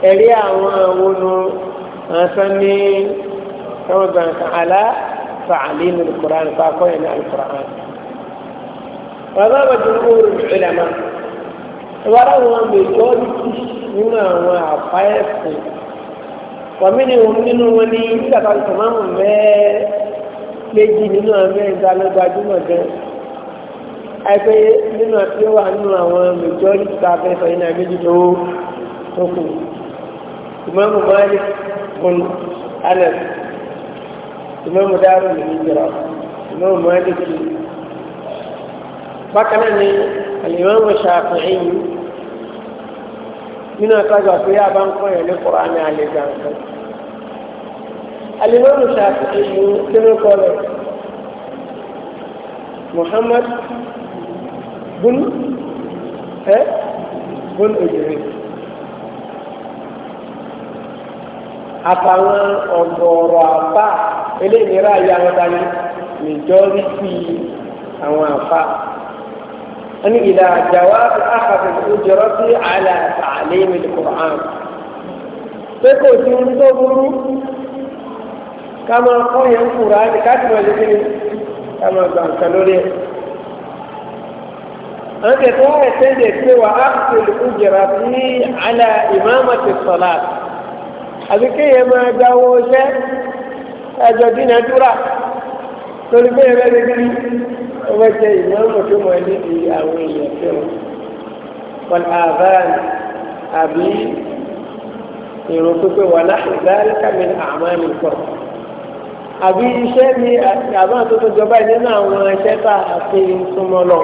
ẹ̀rí àwọn awonu àǹfàn ní káwọn gbà nǹkan àlá fàálí nínú kuran kó akọ́yẹ̀ ní alukuran. bàbá àbàjọ ń kóòrò ìlànà ìwà àwọn mẹjọ́rìtì nínú àwọn àfáyẹ̀sì wàmínú wọn nínú wọn ní ìdàgbà ìsọmọ́mù mẹ́ẹ́ méjì nínú àwọn ẹ̀dá ló gbajúmọ̀ gan-an àìpé nínú àti wà nínú àwọn mẹjọ́rìtì tá a fẹ́ sọ yìí náà méjì tó tó kù. إمام مالك من أنس إمام دار الهجرة إمام مالك فكان الإمام الشافعي من أكاد فيها بانقوا للقرآن عليه الإمام الشافعي كما قال محمد بن إيه؟ بن إدريس àtàwọn ọ̀gọ̀ọ̀rọ̀ àfa eléyìí ráàyè àwọn dání nìjọ́rí sí àwọn àfa. ẹni ìlà jawab àkàtà ìjọrọ sí àlà ta'lim al-Qur'an. pé kò sí ohun tó burú ká máa kọ́ yẹn kúrò á ní ká sì ni ká máa gbà nǹkan lórí ẹ̀ an ka tsaye sai da cewa aqsul ujra fi ala imamati salat àbí kéèyàn máa gba owó iṣẹ́ ẹjọ́ dínàdúrà torí pé ẹgbẹ́ ti kiri ọmọ jẹ ìmọ̀ọ́mọ̀ tó mọ̀ níbi àwọn èèyàn tó wọn àbáyé àbí èrò pípé wà láti dárí kàmí àmọ́ ẹni pọ̀ àbí iṣẹ́ mi àbá tó tó jọba nínú àwọn iṣẹ́ tá a fi súnmọ́ lọ.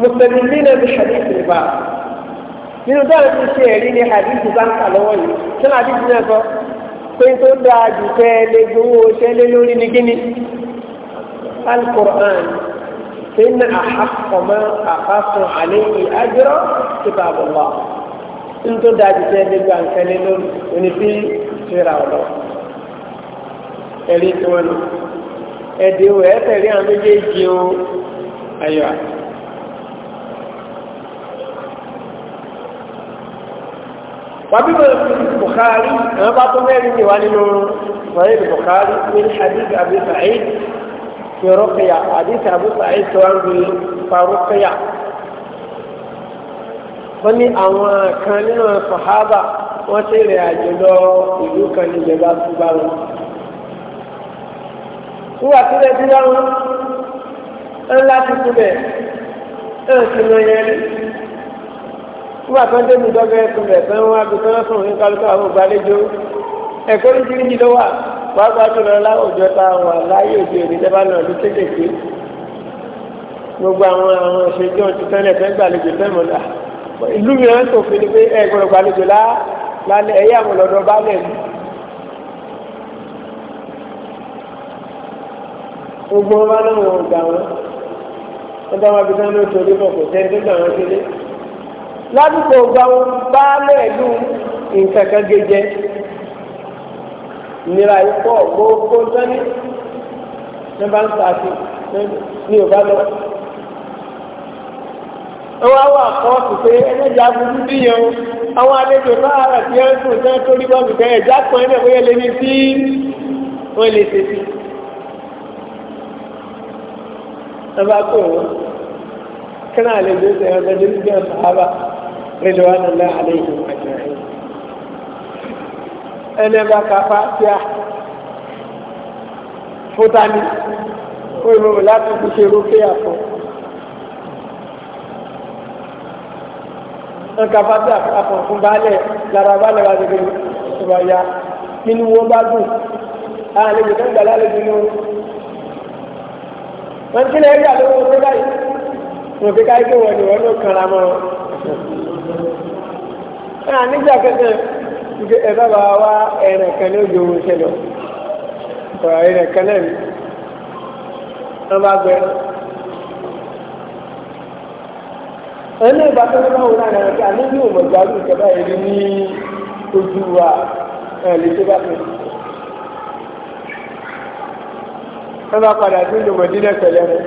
mùsùlùmí náà ti ṣàdéhùn báà nínú dáhùn tó ṣe ẹ̀rí ni àdìsí bá ń kà lọ́wọ́ yìí sínú àdìsí náà sọ pé tó dáa jù fẹ́ lè gbowó ṣẹlẹ̀ lórí ni kíni alukur'an sínú àhàkọ́mọ́ àhàkọ́ àlẹ́ yìí ájúrọ́ ti bá bọ̀ wá nínú tó dáa jù fẹ́ lè gbà ń ṣẹlẹ̀ lórí òní sí ṣíra ọ̀dọ́ ẹ̀rí tí wọ́n lò ẹ̀dínwó ẹ̀ àwọn méjèèjì o ayọ̀ àti. wàbí mo Bukhari àwọn bá tó mẹ́rin ní wa nínú sọ̀rọ̀ Bukhari ní hadith Abu Sa'id fi rọ́kìyà hadith Abu Sa'id tó wá ń gbé fa rọ́kìyà wọ́n ní àwọn kan nínú sàhábà wọ́n ṣe ìrìn àjò lọ ìlú kan ní ìjọba tó bá wọn. Wúwà tó lẹ́bí láwọn ńlá tuntun bẹ̀ ẹ̀ sì lọ yẹn nígbà tó ń dé mi dọ́gbẹ́ tó bẹ̀ tán wá bí tán sùn ní kálukú àwọn ògbàlejò ẹ̀kọ́ ní kiri yìí ló wà pàápàá jùlọ láwùjọ ta wà láyé òde òní tẹ́ bá lọ ní kékèké gbogbo àwọn àwọn ìṣèjọ́ ti tẹ́lẹ̀ fẹ́ gbàlejò fẹ́ mọ̀ dà ìlú mìíràn tó fi ni pé ẹ gbọ́dọ̀ lálẹ́ ẹ̀yà àwọn ọ̀dọ́ bá lẹ̀ ní. gbogbo wọn bá náà wọn gbà wọn wọn ládùúgbò gba baálé ìlú nǹkan kan gẹ́gẹ́ ìnira ìpọ̀ gbogbo sẹ́ni ní bá ń sàáfi ní òbá lọ. wọ́n á wà kọ́ọ̀tù pé ẹlẹ́jà burú díyan àwọn àlejò náà rẹ̀ tí wọ́n ń sùn sẹ́ni tó rí bọ́ọ̀mù kan ẹ̀já kan ẹ̀mẹ́ bóyá lè ní sí wọ́n lè ṣe sí. ẹ bá kó wọn kí náà lè dé sẹ́yìn ọ̀dọ́dún ní ọ̀sán àbá. رضوان الله عليهم أجمعين ẹnẹ bá kápá tí a fúta ní òyìnbó láti fi ṣe rúfé àfọ nǹkan bá tí àfọ fún baálẹ̀ lára baálẹ̀ bá tẹ̀lé ìwà ya nínú wọn bá dùn àlejò tó ń gbà lálejò ní wọn. wọn kí lè rí àlejò wọn pé káyìí wọn pé káyìí pé wọn ni wọn ló kanra mọ́ wọn náà ah, nígbà kankan ẹ bábà wá ẹ̀rẹ̀ kan ní ojú oorun ṣẹlẹ̀ ọ̀rọ̀ ẹ̀rẹ̀ kan náà ni wọ́n bá gbẹ. ẹni ìgbà tó ní báwo náà nàá kí àní ní òmòjá lù kẹ́ báyìí rí ní ojú wa ẹ̀ lè ṣe bá fi. wọ́n bá padà sí ìdòmọ̀dé náà pẹ̀lẹ́ rẹ̀.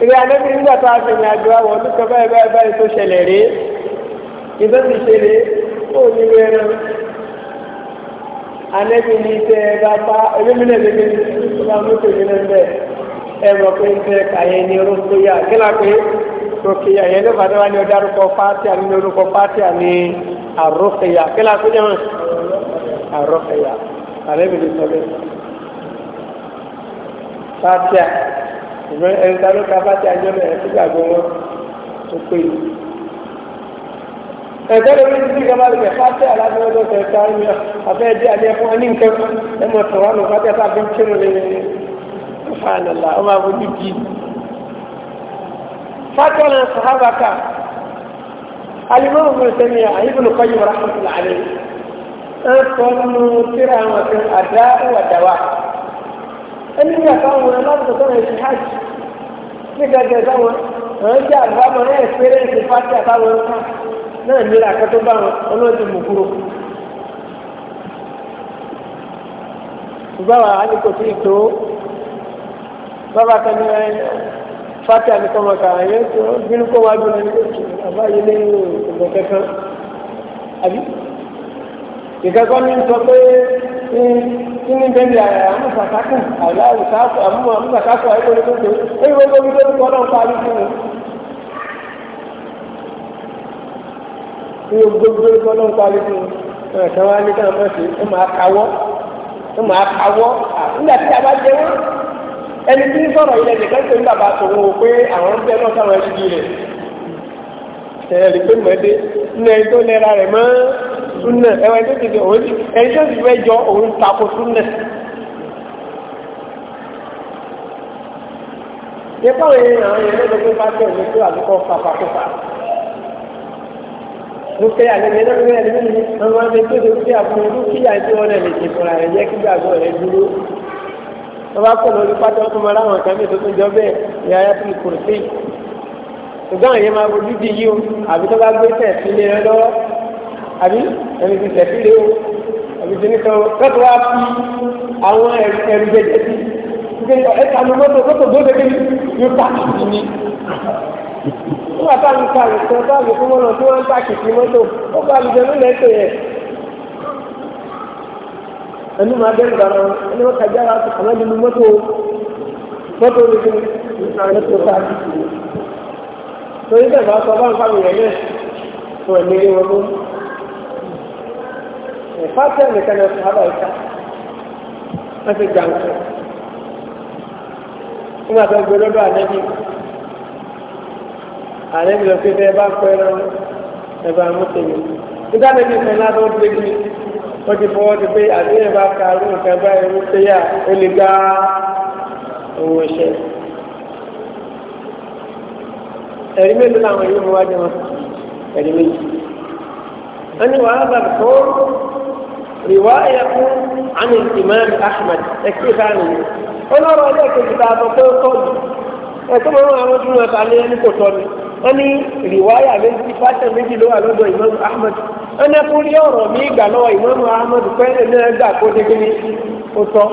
ìrìn àlẹ́ nígbà tá a fi ìrìn àjò àwọn ọdún kan báyìí báyìí báyìí tó ṣẹlẹ̀ rèé ìbẹ́ ti ṣe lè ó ní wẹ́rẹ́ anẹ́bí ní tẹ́ ẹ bá bá ẹlẹ́mìnà lè gbé tó bá mú tèmi náà bẹ́ẹ̀ ẹ mọ̀ pé ń tẹ́ kàyé ní orúkọ yá kí la pé òkè àyẹ̀ ló fàdé wá ní ọjà orúkọ pátí àní orúkọ pátí àní àrùkẹyà kí la pé jẹ́wọ̀n àrùkẹyà anẹ́bí ní sọ́lẹ̀ pátí à ìgbẹ́ ẹ̀ńtà ló ka pátí àjọ bẹ̀rẹ̀ sígbàgbọ́ wọn tó pé yìí. e lórí títí kan bá lè fàtí aláàbẹ̀wọ̀dọ̀ tẹ̀sán ní ọ̀fẹ́ díẹ̀ ní ẹ̀fún ẹni nǹkan ẹ̀ mọ̀ sọ̀rọ̀ àná fàtí ẹ̀fà bí ń kí lóore ní fàlọ́lá ọmọ àbójú jì. fàtí a sàhábàkà alimọ́mù fún sẹ́mi àyíbùnú kọ́yìn rahmatul alẹ́ ń sọ nínú tíra wọn fún àdá a dáwà. ẹni ní hajj náà nira akẹ́tọ́ bá wọn ọlọ́dẹ mú kúrò. báwa àti kò tíì tó báwa kan ní fati ànikọ́mọ̀ká yẹn tó bínú kó wá dúró ní kòtò àbá yẹn ní ìgbọ̀n kankan àbí ìkẹ́kọ̀ọ́ ní sọ pé kí ní bẹ́ẹ̀ni àmúfàkákù àbí àmúfàkákù àbí kò ní kòtò èyí wọ́n gbọ́ bí lórúkọ náà parí fún mi. ní gbogbo ìgbọ́ náà parí fún un ẹ̀ka wá ní káwọn máa ṣe ó máa kawọ́ ó máa kawọ́ nígbà tí a bá jẹ wọ́n ẹni tí ń sọ̀rọ̀ ilẹ̀ nìkan tó ń bàbá tòun o pé àwọn ń bẹ náà sáwọn ẹbí rẹ̀ ẹ̀rí pé mọ̀ẹ́dé ní ẹni tó lẹ́ra rẹ̀ mọ́ súnà ẹwà tó ti di òun ẹni tó ti fẹ́ jọ òun tako súnà. Nípa òye àwọn èèyàn bá tẹ̀ dúkìá lẹ́yìn náà lórí ẹ̀mí ni wọ́n máa ń fi tó dúkìá fún un dúkìá tí wọ́n lè ṣe fúnra rẹ̀ jẹ́ kí gbàgbọ́ rẹ̀ dúró. wọ́n bá kọ̀ lórí pátá wọn tó máa láwọn kan mìíràn tó tún jọ bẹ́ẹ̀ ní ayé tó kò sí. ṣùgbọ́n àyè máa bojú di yí o àbí tó bá gbé tẹ̀sí lé rẹ lọ́wọ́ àbí ẹni ti tẹ̀sí lé o àbí ti ní kan kẹ́tọ́ wá fi àwọn ẹ̀rù gbé ẹ̀ka ní mọ́tò mọ́tò gbọ́dọ̀ kí yóò pàkìtì ni. nígbà táwọn ìka ìkan táwọn ìfún mọ́nà tí wọ́n ń pàkìtì mọ́tò ó bá lùjẹ́ nílẹ̀ ètò yẹn. ẹnu máa bẹ́ẹ̀ gbàrà ẹni wọ́n kàjá ara tó kàmá nínú mọ́tò mọ́tò ní kí mọ́tò pàkìtì ni. torí bẹ́ẹ̀ máa sọ bá ń fáwọn ìrẹ̀ náà fún ẹ̀mí wọn mú. ẹ̀fá tẹ̀ nìkan ẹ̀ nígbà tó gbé lọ́dọ̀ ànẹ́bí ànẹ́bí lọ pé bẹ́ẹ̀ bá pẹ́ ẹran ẹ̀bà mọ́tẹ̀mí nígbà tó gbé sẹ́ńlá tó gbé ní wọ́n ti fọwọ́ ti pé àdéhùn bá ka arúgbó nǹkan bá ẹrú péyà ó lè gba owó iṣẹ́ ẹ̀rí mélòó làwọn yóò mú wájú wọn ẹ̀rí méjì wọ́n ní bàbá tó rìwáyà fún àmì ìmáàmì Ahmad ẹ̀kí ìfáàmì yìí ọlọ́rọ̀ ilé ìkejì tá a sọ pé ó tọ́jú ẹ̀tọ́ mọ́ àwọn tí wọ́n ta lé ní kò tọ́jú wọ́n ní rìwáyà méjì fásitì méjì ló wà lọ́dọ̀ Imam Ahmad wọ́n ní fún rí ọ̀rọ̀ mi ìgbà lọ́wọ́ Imam Ahmad pẹ́ẹ́lẹ̀ náà gbà kó dé kíní ó tọ́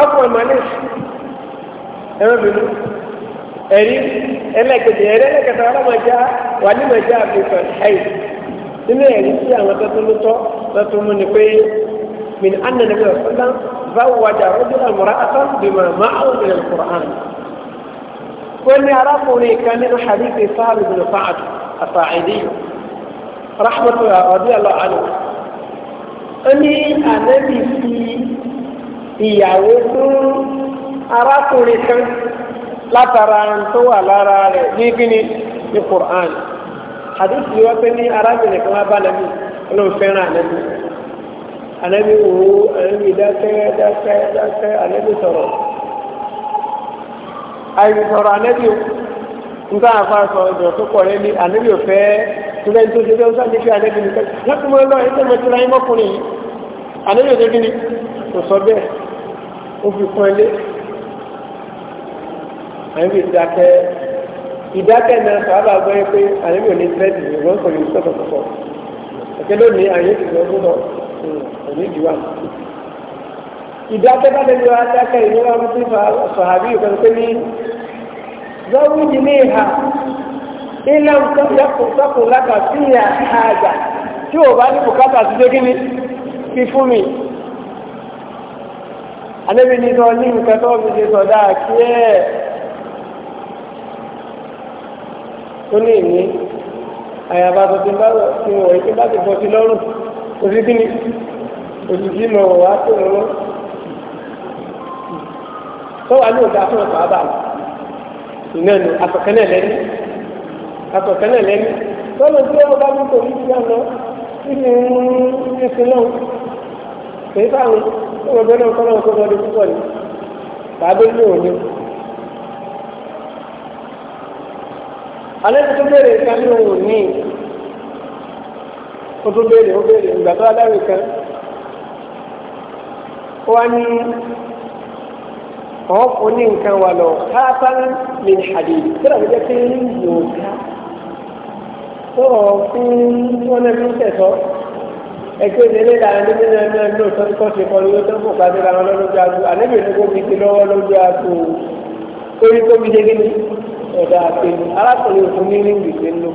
Akọ̀ ìmọ̀lẹ́sì, ẹ̀rọ bìnú. ẹ̀rí ẹlẹ́kẹ̀jẹ̀ ẹ̀rí ẹlẹ́kẹ̀ta ọlọ́mọdé wàlímọ̀já àfihàn ẹ̀yìn nínú ẹ̀rí sí àwọn tọ́túnútọ́ tọ́túnmú ni pé min anna nabi sallam zawwaja rajula imra'atan bima ma'ahu min al-qur'an ó ní arákùnrin kan nínú hadithi sáàlù bin fa'ad asa'idi rahmatulah radiyallahu anhu ó ní ànábì fi ìyàwó fún arákùnrin kan látara tó wà lára rẹ̀ ní kíni ní Qur'an hadith yìí wọ́n pé ní arábìnrin kan wá bá nàbí ọlọ́run fẹ́ràn ànábì ànábì wò ó ànábì dákẹ́ dákẹ́ dákẹ́ ànábì sọ̀rọ̀ àìsí sọ̀rọ̀ ànábì nǹkan àfàsọ̀ ọ̀dọ̀ tó kọ̀ rẹ̀ ní ànábì ò fẹ́ ìgbẹ́ tó ṣe lọ́wọ́ sáàdé fi àdébì nìkan láti mọ́ lọ ẹgbẹ́ mẹ́tìlá ìmọ́kùnrin àdébì òjò gíní kò sọ bẹ́ẹ̀ ó fi kún ẹlé àyẹ̀wò ìdákẹ́ ìdákẹ́ náà sábà gbọ́ yẹ pé àyẹ̀wò òní tẹ́lẹ̀ ìwọ́n kò ní sọ̀tọ̀ sọ̀tọ̀ ẹ̀kẹ́ lónìí àyẹ̀wò ìgbẹ́ gbọ́dọ̀ hmm, òní ìdíwà. ìdákẹ́ bá dẹ́nu adákẹ́ ìlera wọn sí sọ̀hábí ìkan pé ní lọ́wọ́ yìí ní ìhà ilé ìtọ́kùn lákà sí ìhà àjà tí ò bá ní bùkátà sí dégínì fi fún mi anábìnrin náà ní nǹkan tó fi ṣe sọ̀dá kí ẹ́ ó ní ìní àyàbá tó ti bá ti wọ̀ yìí tó bá ti bọ́ sí lọ́rùn òsì kí ni òsì kí mọ̀ wọ̀ wá tó lọ́rùn tó wà ní òkè àtúntò àbá ìná ni àtọ̀kẹ́nẹ̀ lẹ́ni àtọ̀kẹ́nẹ̀ lẹ́ni lọ́nà tí wọ́n bá mú kò ní ìyá lọ kí ni ń sin náà kì í sáà ní ọgbẹ́ náà kọ́ náà kó lọ́ọ́ púpọ̀ ni tàbí ní òní. alẹ́ tó béèrè kan ní òun ní ó tó béèrè ó béèrè ìgbà tó aláwì kan ó wá ní ọ̀hún fún ní nǹkan wà lọ káàtán lè ṣàdé tíra mi jẹ́ pé yóò ká sọ̀rọ̀ fún wọn náà fi ń tẹ̀sọ́ ẹgbẹ́ ìdílé làwọn ẹni nínú ẹni ẹni lóòótọ́ tó ṣe kọ́ ni ó tó fò ká sí ra wọn lọ́dún bí aago àlébìnrin kò fi ti lọ́wọ́ lọ́dún bí aago torí tó mi dé gíní ọ̀dà àpèmí arákùnrin òfin ní ní gbèsè ló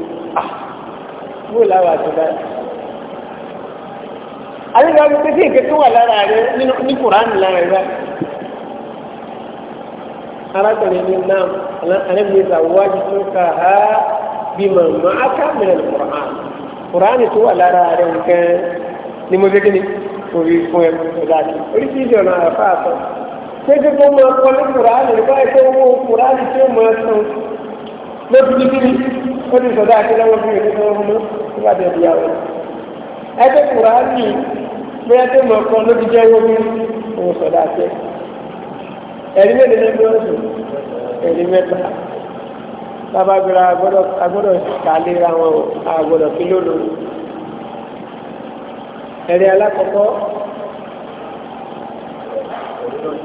wò láwà tó báyìí. àdéhùn àti pé sí ìkẹ́kẹ́ wà lára rẹ ní kùránì lára rẹ arákùnrin ní náà anábìyẹ sàwájú tó kà á bí màmá aká mìíràn kùránì kùránì tó wà lára rẹ nǹkan ni mo dé gíní orí fún ẹ ọ̀dà àti oríṣiríṣi ọ̀nà àfáàfọ́ kéde tó máa kọ́ ní kùránì nípa ẹ̀kọ́ owó kùránì tí ó máa sàn lóbi níbí ó ti sọ̀dọ̀ àti lọ́wọ́ bí èdè náà mú nígbà tó di àwọn. ẹgbẹ́ kùránì bí ẹgbẹ́ máa kọ́ lóbi jẹ́ owó bí òun sọ̀dọ̀ àti ẹ̀. ẹ̀rí mélòó ní ẹgbẹ́ oṣù ẹ̀rí mẹ́ta tábàgbéra agbọ́dọ̀ kàlera wọn agbọ́dọ̀ kí lólo. ẹ̀rí alákọ̀ọ́kọ́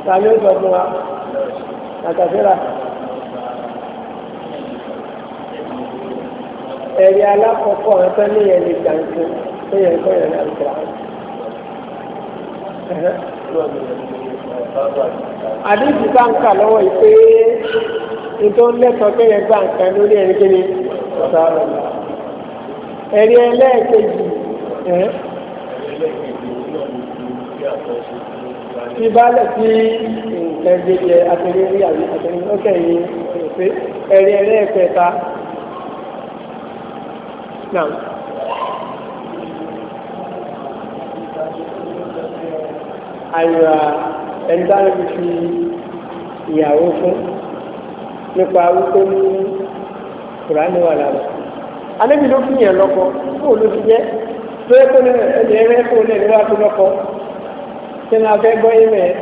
ta ló sọ fún wa àtàfẹ́ra ẹ̀rí alákọ̀ọ́kọ́ àwọn tó ní ẹni gbàǹkan tó yẹ kó yẹ náà gbà àdéhùn bá ń kà lọ́wọ́ yìí pé nítorí lẹ́tọ̀ọ́ pé yẹn gbàǹkan lórí ẹni kí ni ọ̀sán rẹ̀ ẹ̀rí ẹlẹ́ẹ̀kejì ẹ̀rí ẹlẹ́ẹ̀kejì fi baálẹ̀ sí nǹkan gbẹjẹ atẹ̀lérí àbí atẹ̀lérí ọ̀kẹ́ yìí pé ẹ̀rí ẹ̀rí ẹ̀kẹta náà. àyà ẹ̀ńdá níbi fi ìyàwó fún nípa wípé ní kùránì wà lára. alẹ́bí ló fi yàn lọ́kọ fóònù ti jẹ́ tó yẹ kó ní ẹ̀ẹ́dẹ̀ẹ́rẹ́ fóònù ẹ̀ lọ́wọ́ àti lọ́kọ kí ni a fẹ́ gbọ́ yín mẹ́ ẹ́.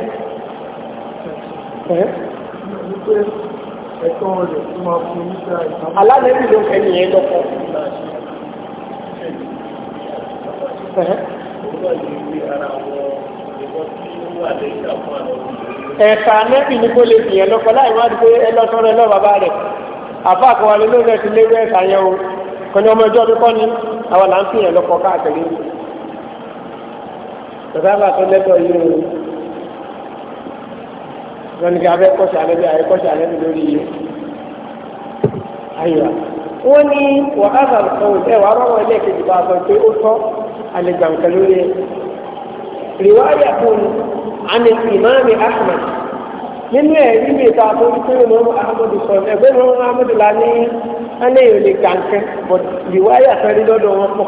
ẹ̀tọ́ rẹ̀ tó máa fún ní sáà ìtàn. alálẹ́bí ló fẹ́ nìyẹn lọ́kọ̀. ẹ̀ka anẹ́bí ni kò lè fìyẹn lọ́kọ̀ láì má dúpẹ́ ẹ lọ́sọ́ rẹ lọ́ọ́ bàbá rẹ̀ àfa àkọwálé ló rẹ̀ ti léwé ẹ̀ka yẹn o kọ́ni ọmọ ẹjọ́ bí kọ́ni àwọn là ń fìyẹn lọ́kọ̀ káàkiri sọ̀tàbà tó lẹ́tọ̀ yìí o wọn ni kí abẹ́ kọ́ṣà alẹ́bí ayé kọ́ṣà alẹ́bí lórí yìí ayọ̀ wọ́n ní wàhálà ọ̀hún ẹ̀ wàá rọ́wọ́ ilé kejì bá a sọ pé ó tọ́ àlejò àǹkà lórí ẹ̀ rìwáyà fún àmì ìmáàmì Ahmad nínú ẹ̀rí mi ta tó ń pín ìmọ̀ sọ ẹgbẹ́ ìmọ̀ ahmadu la ní alẹ́ ìrìnlẹ̀ kàǹkẹ́ bọ̀t rìwáyà fẹ́rí lọ́dọ̀ wọn pọ̀.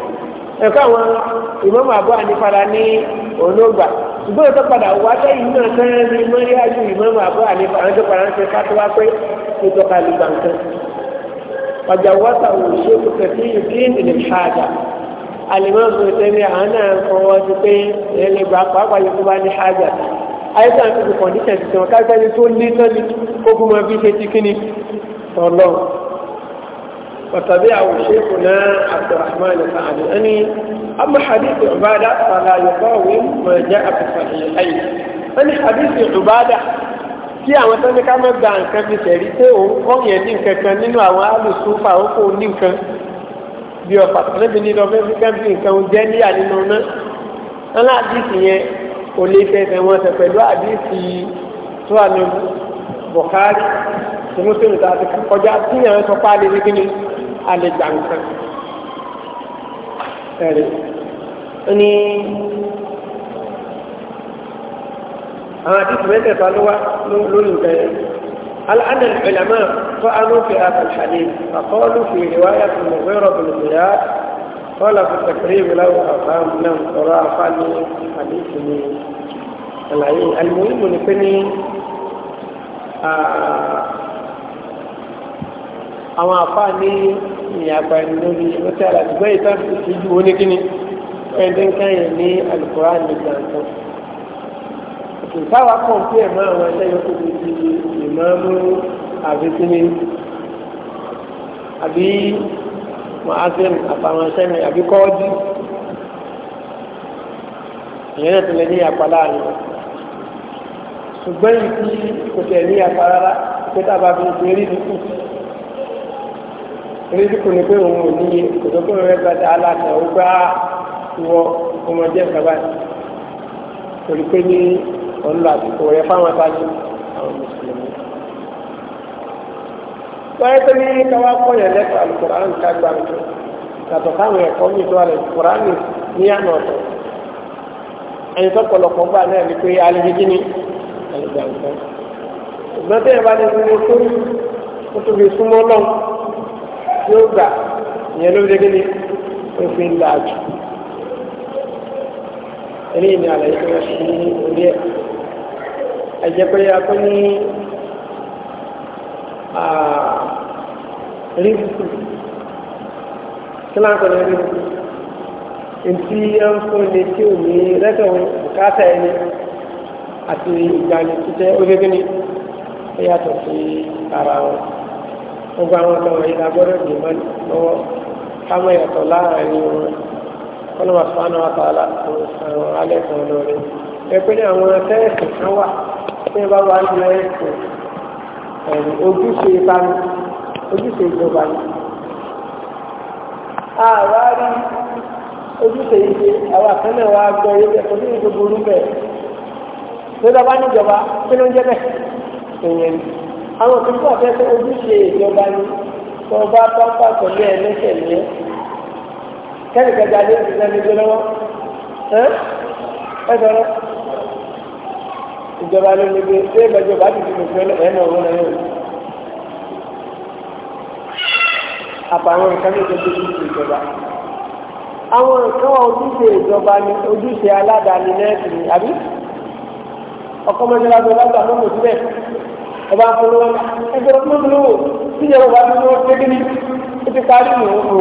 ẹ̀kọ́ àwọn ìmọ̀mọ̀ àbọ̀ ànífàdà ní ònógbà ṣùgbọ́n tó padà wá sẹ́yìn náà sẹ́yìn ní mọ́ríájú ìmọ̀mọ̀ àbọ̀ ànífàdà tó padà ń ṣe fatuwa pé ó tọ́ka lè gbà nǹkan. ọjà wọ́tà wò ṣe kò kẹ̀kẹ́ ìdín ìlẹ̀ ṣáàjà alimọ́sùn tẹ́lẹ̀ àwọn náà fọwọ́ sí pé ẹlẹ́ gbà pàápàá yóò tó bá ní ṣáàjà àyíká àti kòkòndíṣẹ̀ tuntun káṣẹ́ni tó ní sọ́ni kó وتبعه شيخنا عبد الرحمن السعدي أني أما حديث عبادة فلا يقاوم ما جاء في الصحيحين أني حديث عبادة kí àwọn tó ní ká má gba nǹkan fi tẹ̀rí pé òun kọ́yìn ní nǹkan kan nínú àwọn alùsùnfà ó kò ní nǹkan bí ọ̀pá níbi nínú ọmọ ẹ̀fíkàn bí nǹkan oúnjẹ níyà nínú ọ̀nà ńlá àdìsí yẹn kò lè fẹsẹ̀ wọn tẹ̀ pẹ̀lú àdìsí tó wà ní Bukhari tí mo sì ń kọjá tí yẹn ń sọ ní kíni alẹ́ gbà nǹkan ẹ̀rẹ̀ ó ló wá lórí العلماء فعلوا في هذا الحديث فقالوا في رواية المغيرة بن زياد قال في التكريم له أفهم لم صراحة حديثني العين المهم نفني àwọn àfá ní ìyàpá ẹni lórí ọtí àlàdùgbọ́ ìta ti ju oníkíní ẹni káyẹ̀ ní alukóra ní gbàǹkan ìtawà kan tí ẹ̀ máa wọn ẹlẹ́yọ kó ti di ìmọ̀ọ́mú àbíkíní àbí mọ̀ásẹ́mù àtàwọn ẹ̀sẹ́mù àbí kọ́ọ́dù ìyẹn náà tẹ̀lé ní ìyàpá láàrin ṣùgbọ́n ìdí kò tẹ̀ ní ìyàpá rárá pé tábà fi ṣe orí tí kò ní pé òun ò níye kò tó kó rẹ bàtà aláta ó gbá wọ ọmọdé ẹ̀ka báyìí torí pé ní ọ̀nà àsìkò rẹ fáwọn àtàjù àwọn mùsùlùmí. wáyé tó ní káwá kọ́yàn lẹ́tọ̀ alukóraní ká gbà mí yàtọ̀ káwọn ẹ̀kọ́ mi tó alẹ́ kóraní ní àná ọ̀tọ̀ ẹ̀yin tó pọ̀lọpọ̀ gbà náà ni pé alẹ́ kíni alẹ́ gbà ìgbọ́n tó tó tí ó gbà ìyẹn ló dégé ní òfin làjù eléyìí ni àlàyé tó wọ́n ṣe ní orí ẹ̀ ẹ̀jẹ̀ pé a tó ní rífù kí láǹ pẹ̀lú rífù ntí ẹ ń fún ni tí ò ní rẹ́tọ̀ bùkátà ẹni àti ìgbàlè títẹ́ ó dégé ní ó yàtọ̀ sí ara wọn gbogbo àwọn ọ̀nà wọ̀nyí la gbọ́dọ̀ dì mọ́ lọ́wọ́ káwọn ìyàtọ̀ láàrin wọn kọ́lọ́mà sọ́nà àtàlà àwọn alẹ́ kan lórí ẹgbẹ́ ní àwọn tẹ́ẹ̀sì kan wà tí wọ́n bá wà ní ẹ̀sì ojúṣe ìbánu ojúṣe ìjọba ni àwárí ojúṣe ìṣe àwọn àkànnà wa gbọ́ ilé ẹ̀kọ́ ní ìgbogbo orú bẹ́ẹ̀ tó dábàá níjọba kí ló ń jẹ́ bẹ́ẹ̀ àwọn òṣìṣẹ́ àfẹ́fẹ́ ojúṣe ìjọba ni tó bá pápá pẹ̀lú ẹ lẹ́sẹ̀ ní ẹ kẹ́rì kẹjà lé ìṣiṣẹ́ ní gbé lọ́wọ́ ẹ sọ̀rọ̀ ìjọba ló ní gbé ṣé ìgbàjọba ti fi gbèsè ẹ náà wọ́n náà yóò àtàwọn nǹkan ní ìjọba ojúṣe ìjọba àwọn nǹkan ojúṣe ìjọba ni ojúṣe aládàáni nẹ́ẹ̀sì ni àbí ọkọ mọ́ṣáláṣí ọlọ́gbà mọ́mọ́ síbẹ̀ ọba polówó ẹgbẹ́ ọdún polówó tíjọba ọba polówó tẹ́gínní ó ti parí nù ó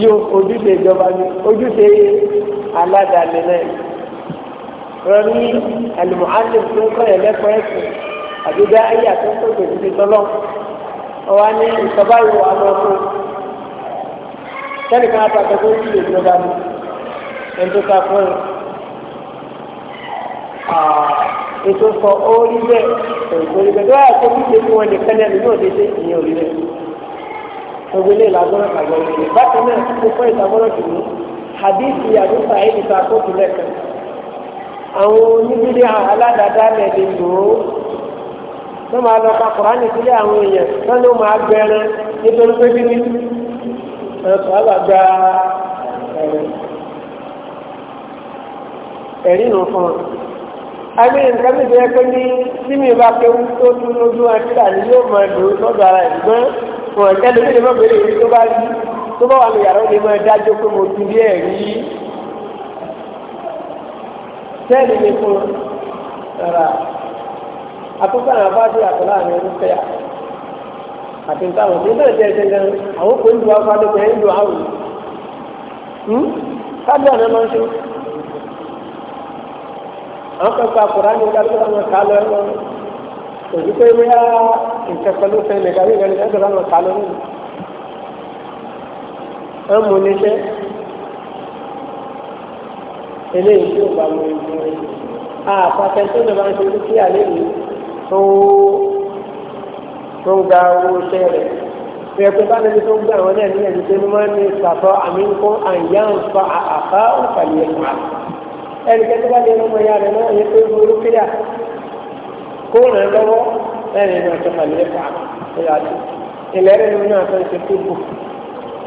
yí ojúṣe ìjọba ni ojúṣe aládàáni náà rọrí àlùmọ́álẹ̀ tó ń kọ́yẹ̀ lẹ́kọ̀ọ́ ẹ̀sìn àdúgbò ayé àtúntò tó ti tọ́lọ́ ọwọ́ ní ìsọ̀bá yóò wà lọ́kọ́ sẹ́nìkan àtàkùn tó ń ṣe ìjọba ni ẹni tó ta fún ẹ̀ ètò sọ orí bẹ́ẹ̀ òǹkórí bẹ́ẹ̀ lọ́wọ́ àti omi ṣe fún wọn nìkan ní ẹni yóò dédé ìyẹn òrí bẹ́ẹ̀. gbogbo ilé ìlàgbọ́nà àgbọ̀ ìrìn bákan náà mo fẹ́ ìtàgbọ́nà jù ní àdìsí àdúgbà ẹni tó akókò lẹ́kàn. àwọn oníbílẹ̀ aládàáda lẹ́ẹ̀dẹ̀ lò ó wọ́n máa lọ ka kùrán nípínlẹ̀ àwọn èèyàn wọ́n ló máa gbẹ̀rẹ̀ nítorí pé bí ní ọ̀sán àgbàgbà ẹ̀rí nù fún wọn àmì nǹkan mi jẹ́ pé ní sími bá kéwú tó tún lójú wọn títà ní yóò máa lò lọ́dọ̀ ara ẹ̀ gbọ́n wọn kẹ́lẹ́ mi lè má béèrè èyí tó bá rí tó bá wà ní yàrá ó lè máa dájọ́ pé mo ti rí ẹ̀rí sẹ́ẹ̀lì ni fún ọ̀rà àkókò àwọn afáàdé àtọ́lá àwọn ẹni fẹ́ yà àti nǹkan àwọn ọ̀dọ́ ìbẹ̀rẹ̀ tẹ̀ ẹ̀sẹ̀ gan àwọn kò ń lu afáàdé kò ń lu àwọn hmm? kábíyà náà máa ń ṣe àwọn kan pa àkùránì ìdádúgbò àwọn kà lọ ẹ̀rọ òjú pé wíyá nǹkan kan ló fẹ́ nìkan nígbà nígbà nígbà àwọn kà lọ nínú. wọ́n mú ní iṣẹ́ eléyìí tí ó bá mú ìlú rẹ̀. àpàtẹ tó lè máa ń ṣe dúkìá lẹ́yìn tó tó ga owó iṣẹ́ rẹ̀ bẹ́ẹ̀ pé bá níbi tó ń gbé àwọn náà ní ẹ̀jú pé mo máa ń ní ìsàtọ̀ àmì ń kó àyà ń fa àfá òǹfààní ẹnìkan tó bá lè lọ́mọ ya rẹ̀ náà yẹn tó ń ború kíra kó rẹ̀ lọ́wọ́ ẹnì náà tó kàlẹ́ fà á ó yà tó ilẹ̀ rẹ̀ ló náà fẹ́ ṣe kébù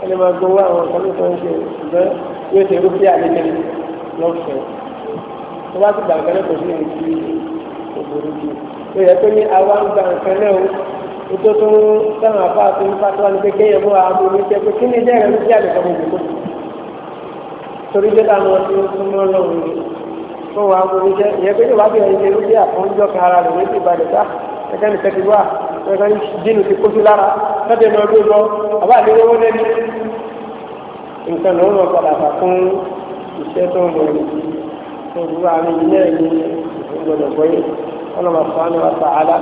ẹni máa gbowó àwọn kan tó ń ṣe ṣùgbọ́n yóò ṣe rú kíra lẹ́lẹ́ lọ́fẹ̀ẹ́ tó bá ti gbà nǹkan náà kò sí ní ti òbòrò jù ó yẹ kó ní àwa ń gba nǹkan náà o ètò tó ń sáwọn àfáà tó ń fà mú àwọn ọmọ mi jẹ pé kí ni dẹ́rẹ́ ló fi àlè torí jẹ́ táwọn tí ó súnmọ́ lọ́wọ́ ni fún wa gbogbo jẹ́ ìyẹn pé yóò wá bí ẹni ló bí àkọ́njọ́ kan ara rẹ̀ méjì balẹ̀ sá ẹgbẹ́ ní tẹ́tí wá ẹgbẹ́ ní dínú ti kójú lára tẹ́tẹ́ ní ọdún lọ àbá àdéhùn owó lẹ́ni nǹkan ló ń lọ padà fà fún iṣẹ́ tó ń lọ ní gbogbo àmì ilé ẹ̀yìn ìgbọ̀dọ̀ bọ́yé ọlọ́mọ sàánù àtàlà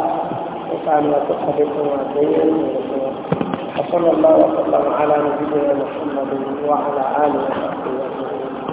وكان تحركنا بين وصلى الله وسلم على نبينا محمد وعلى اله وصحبه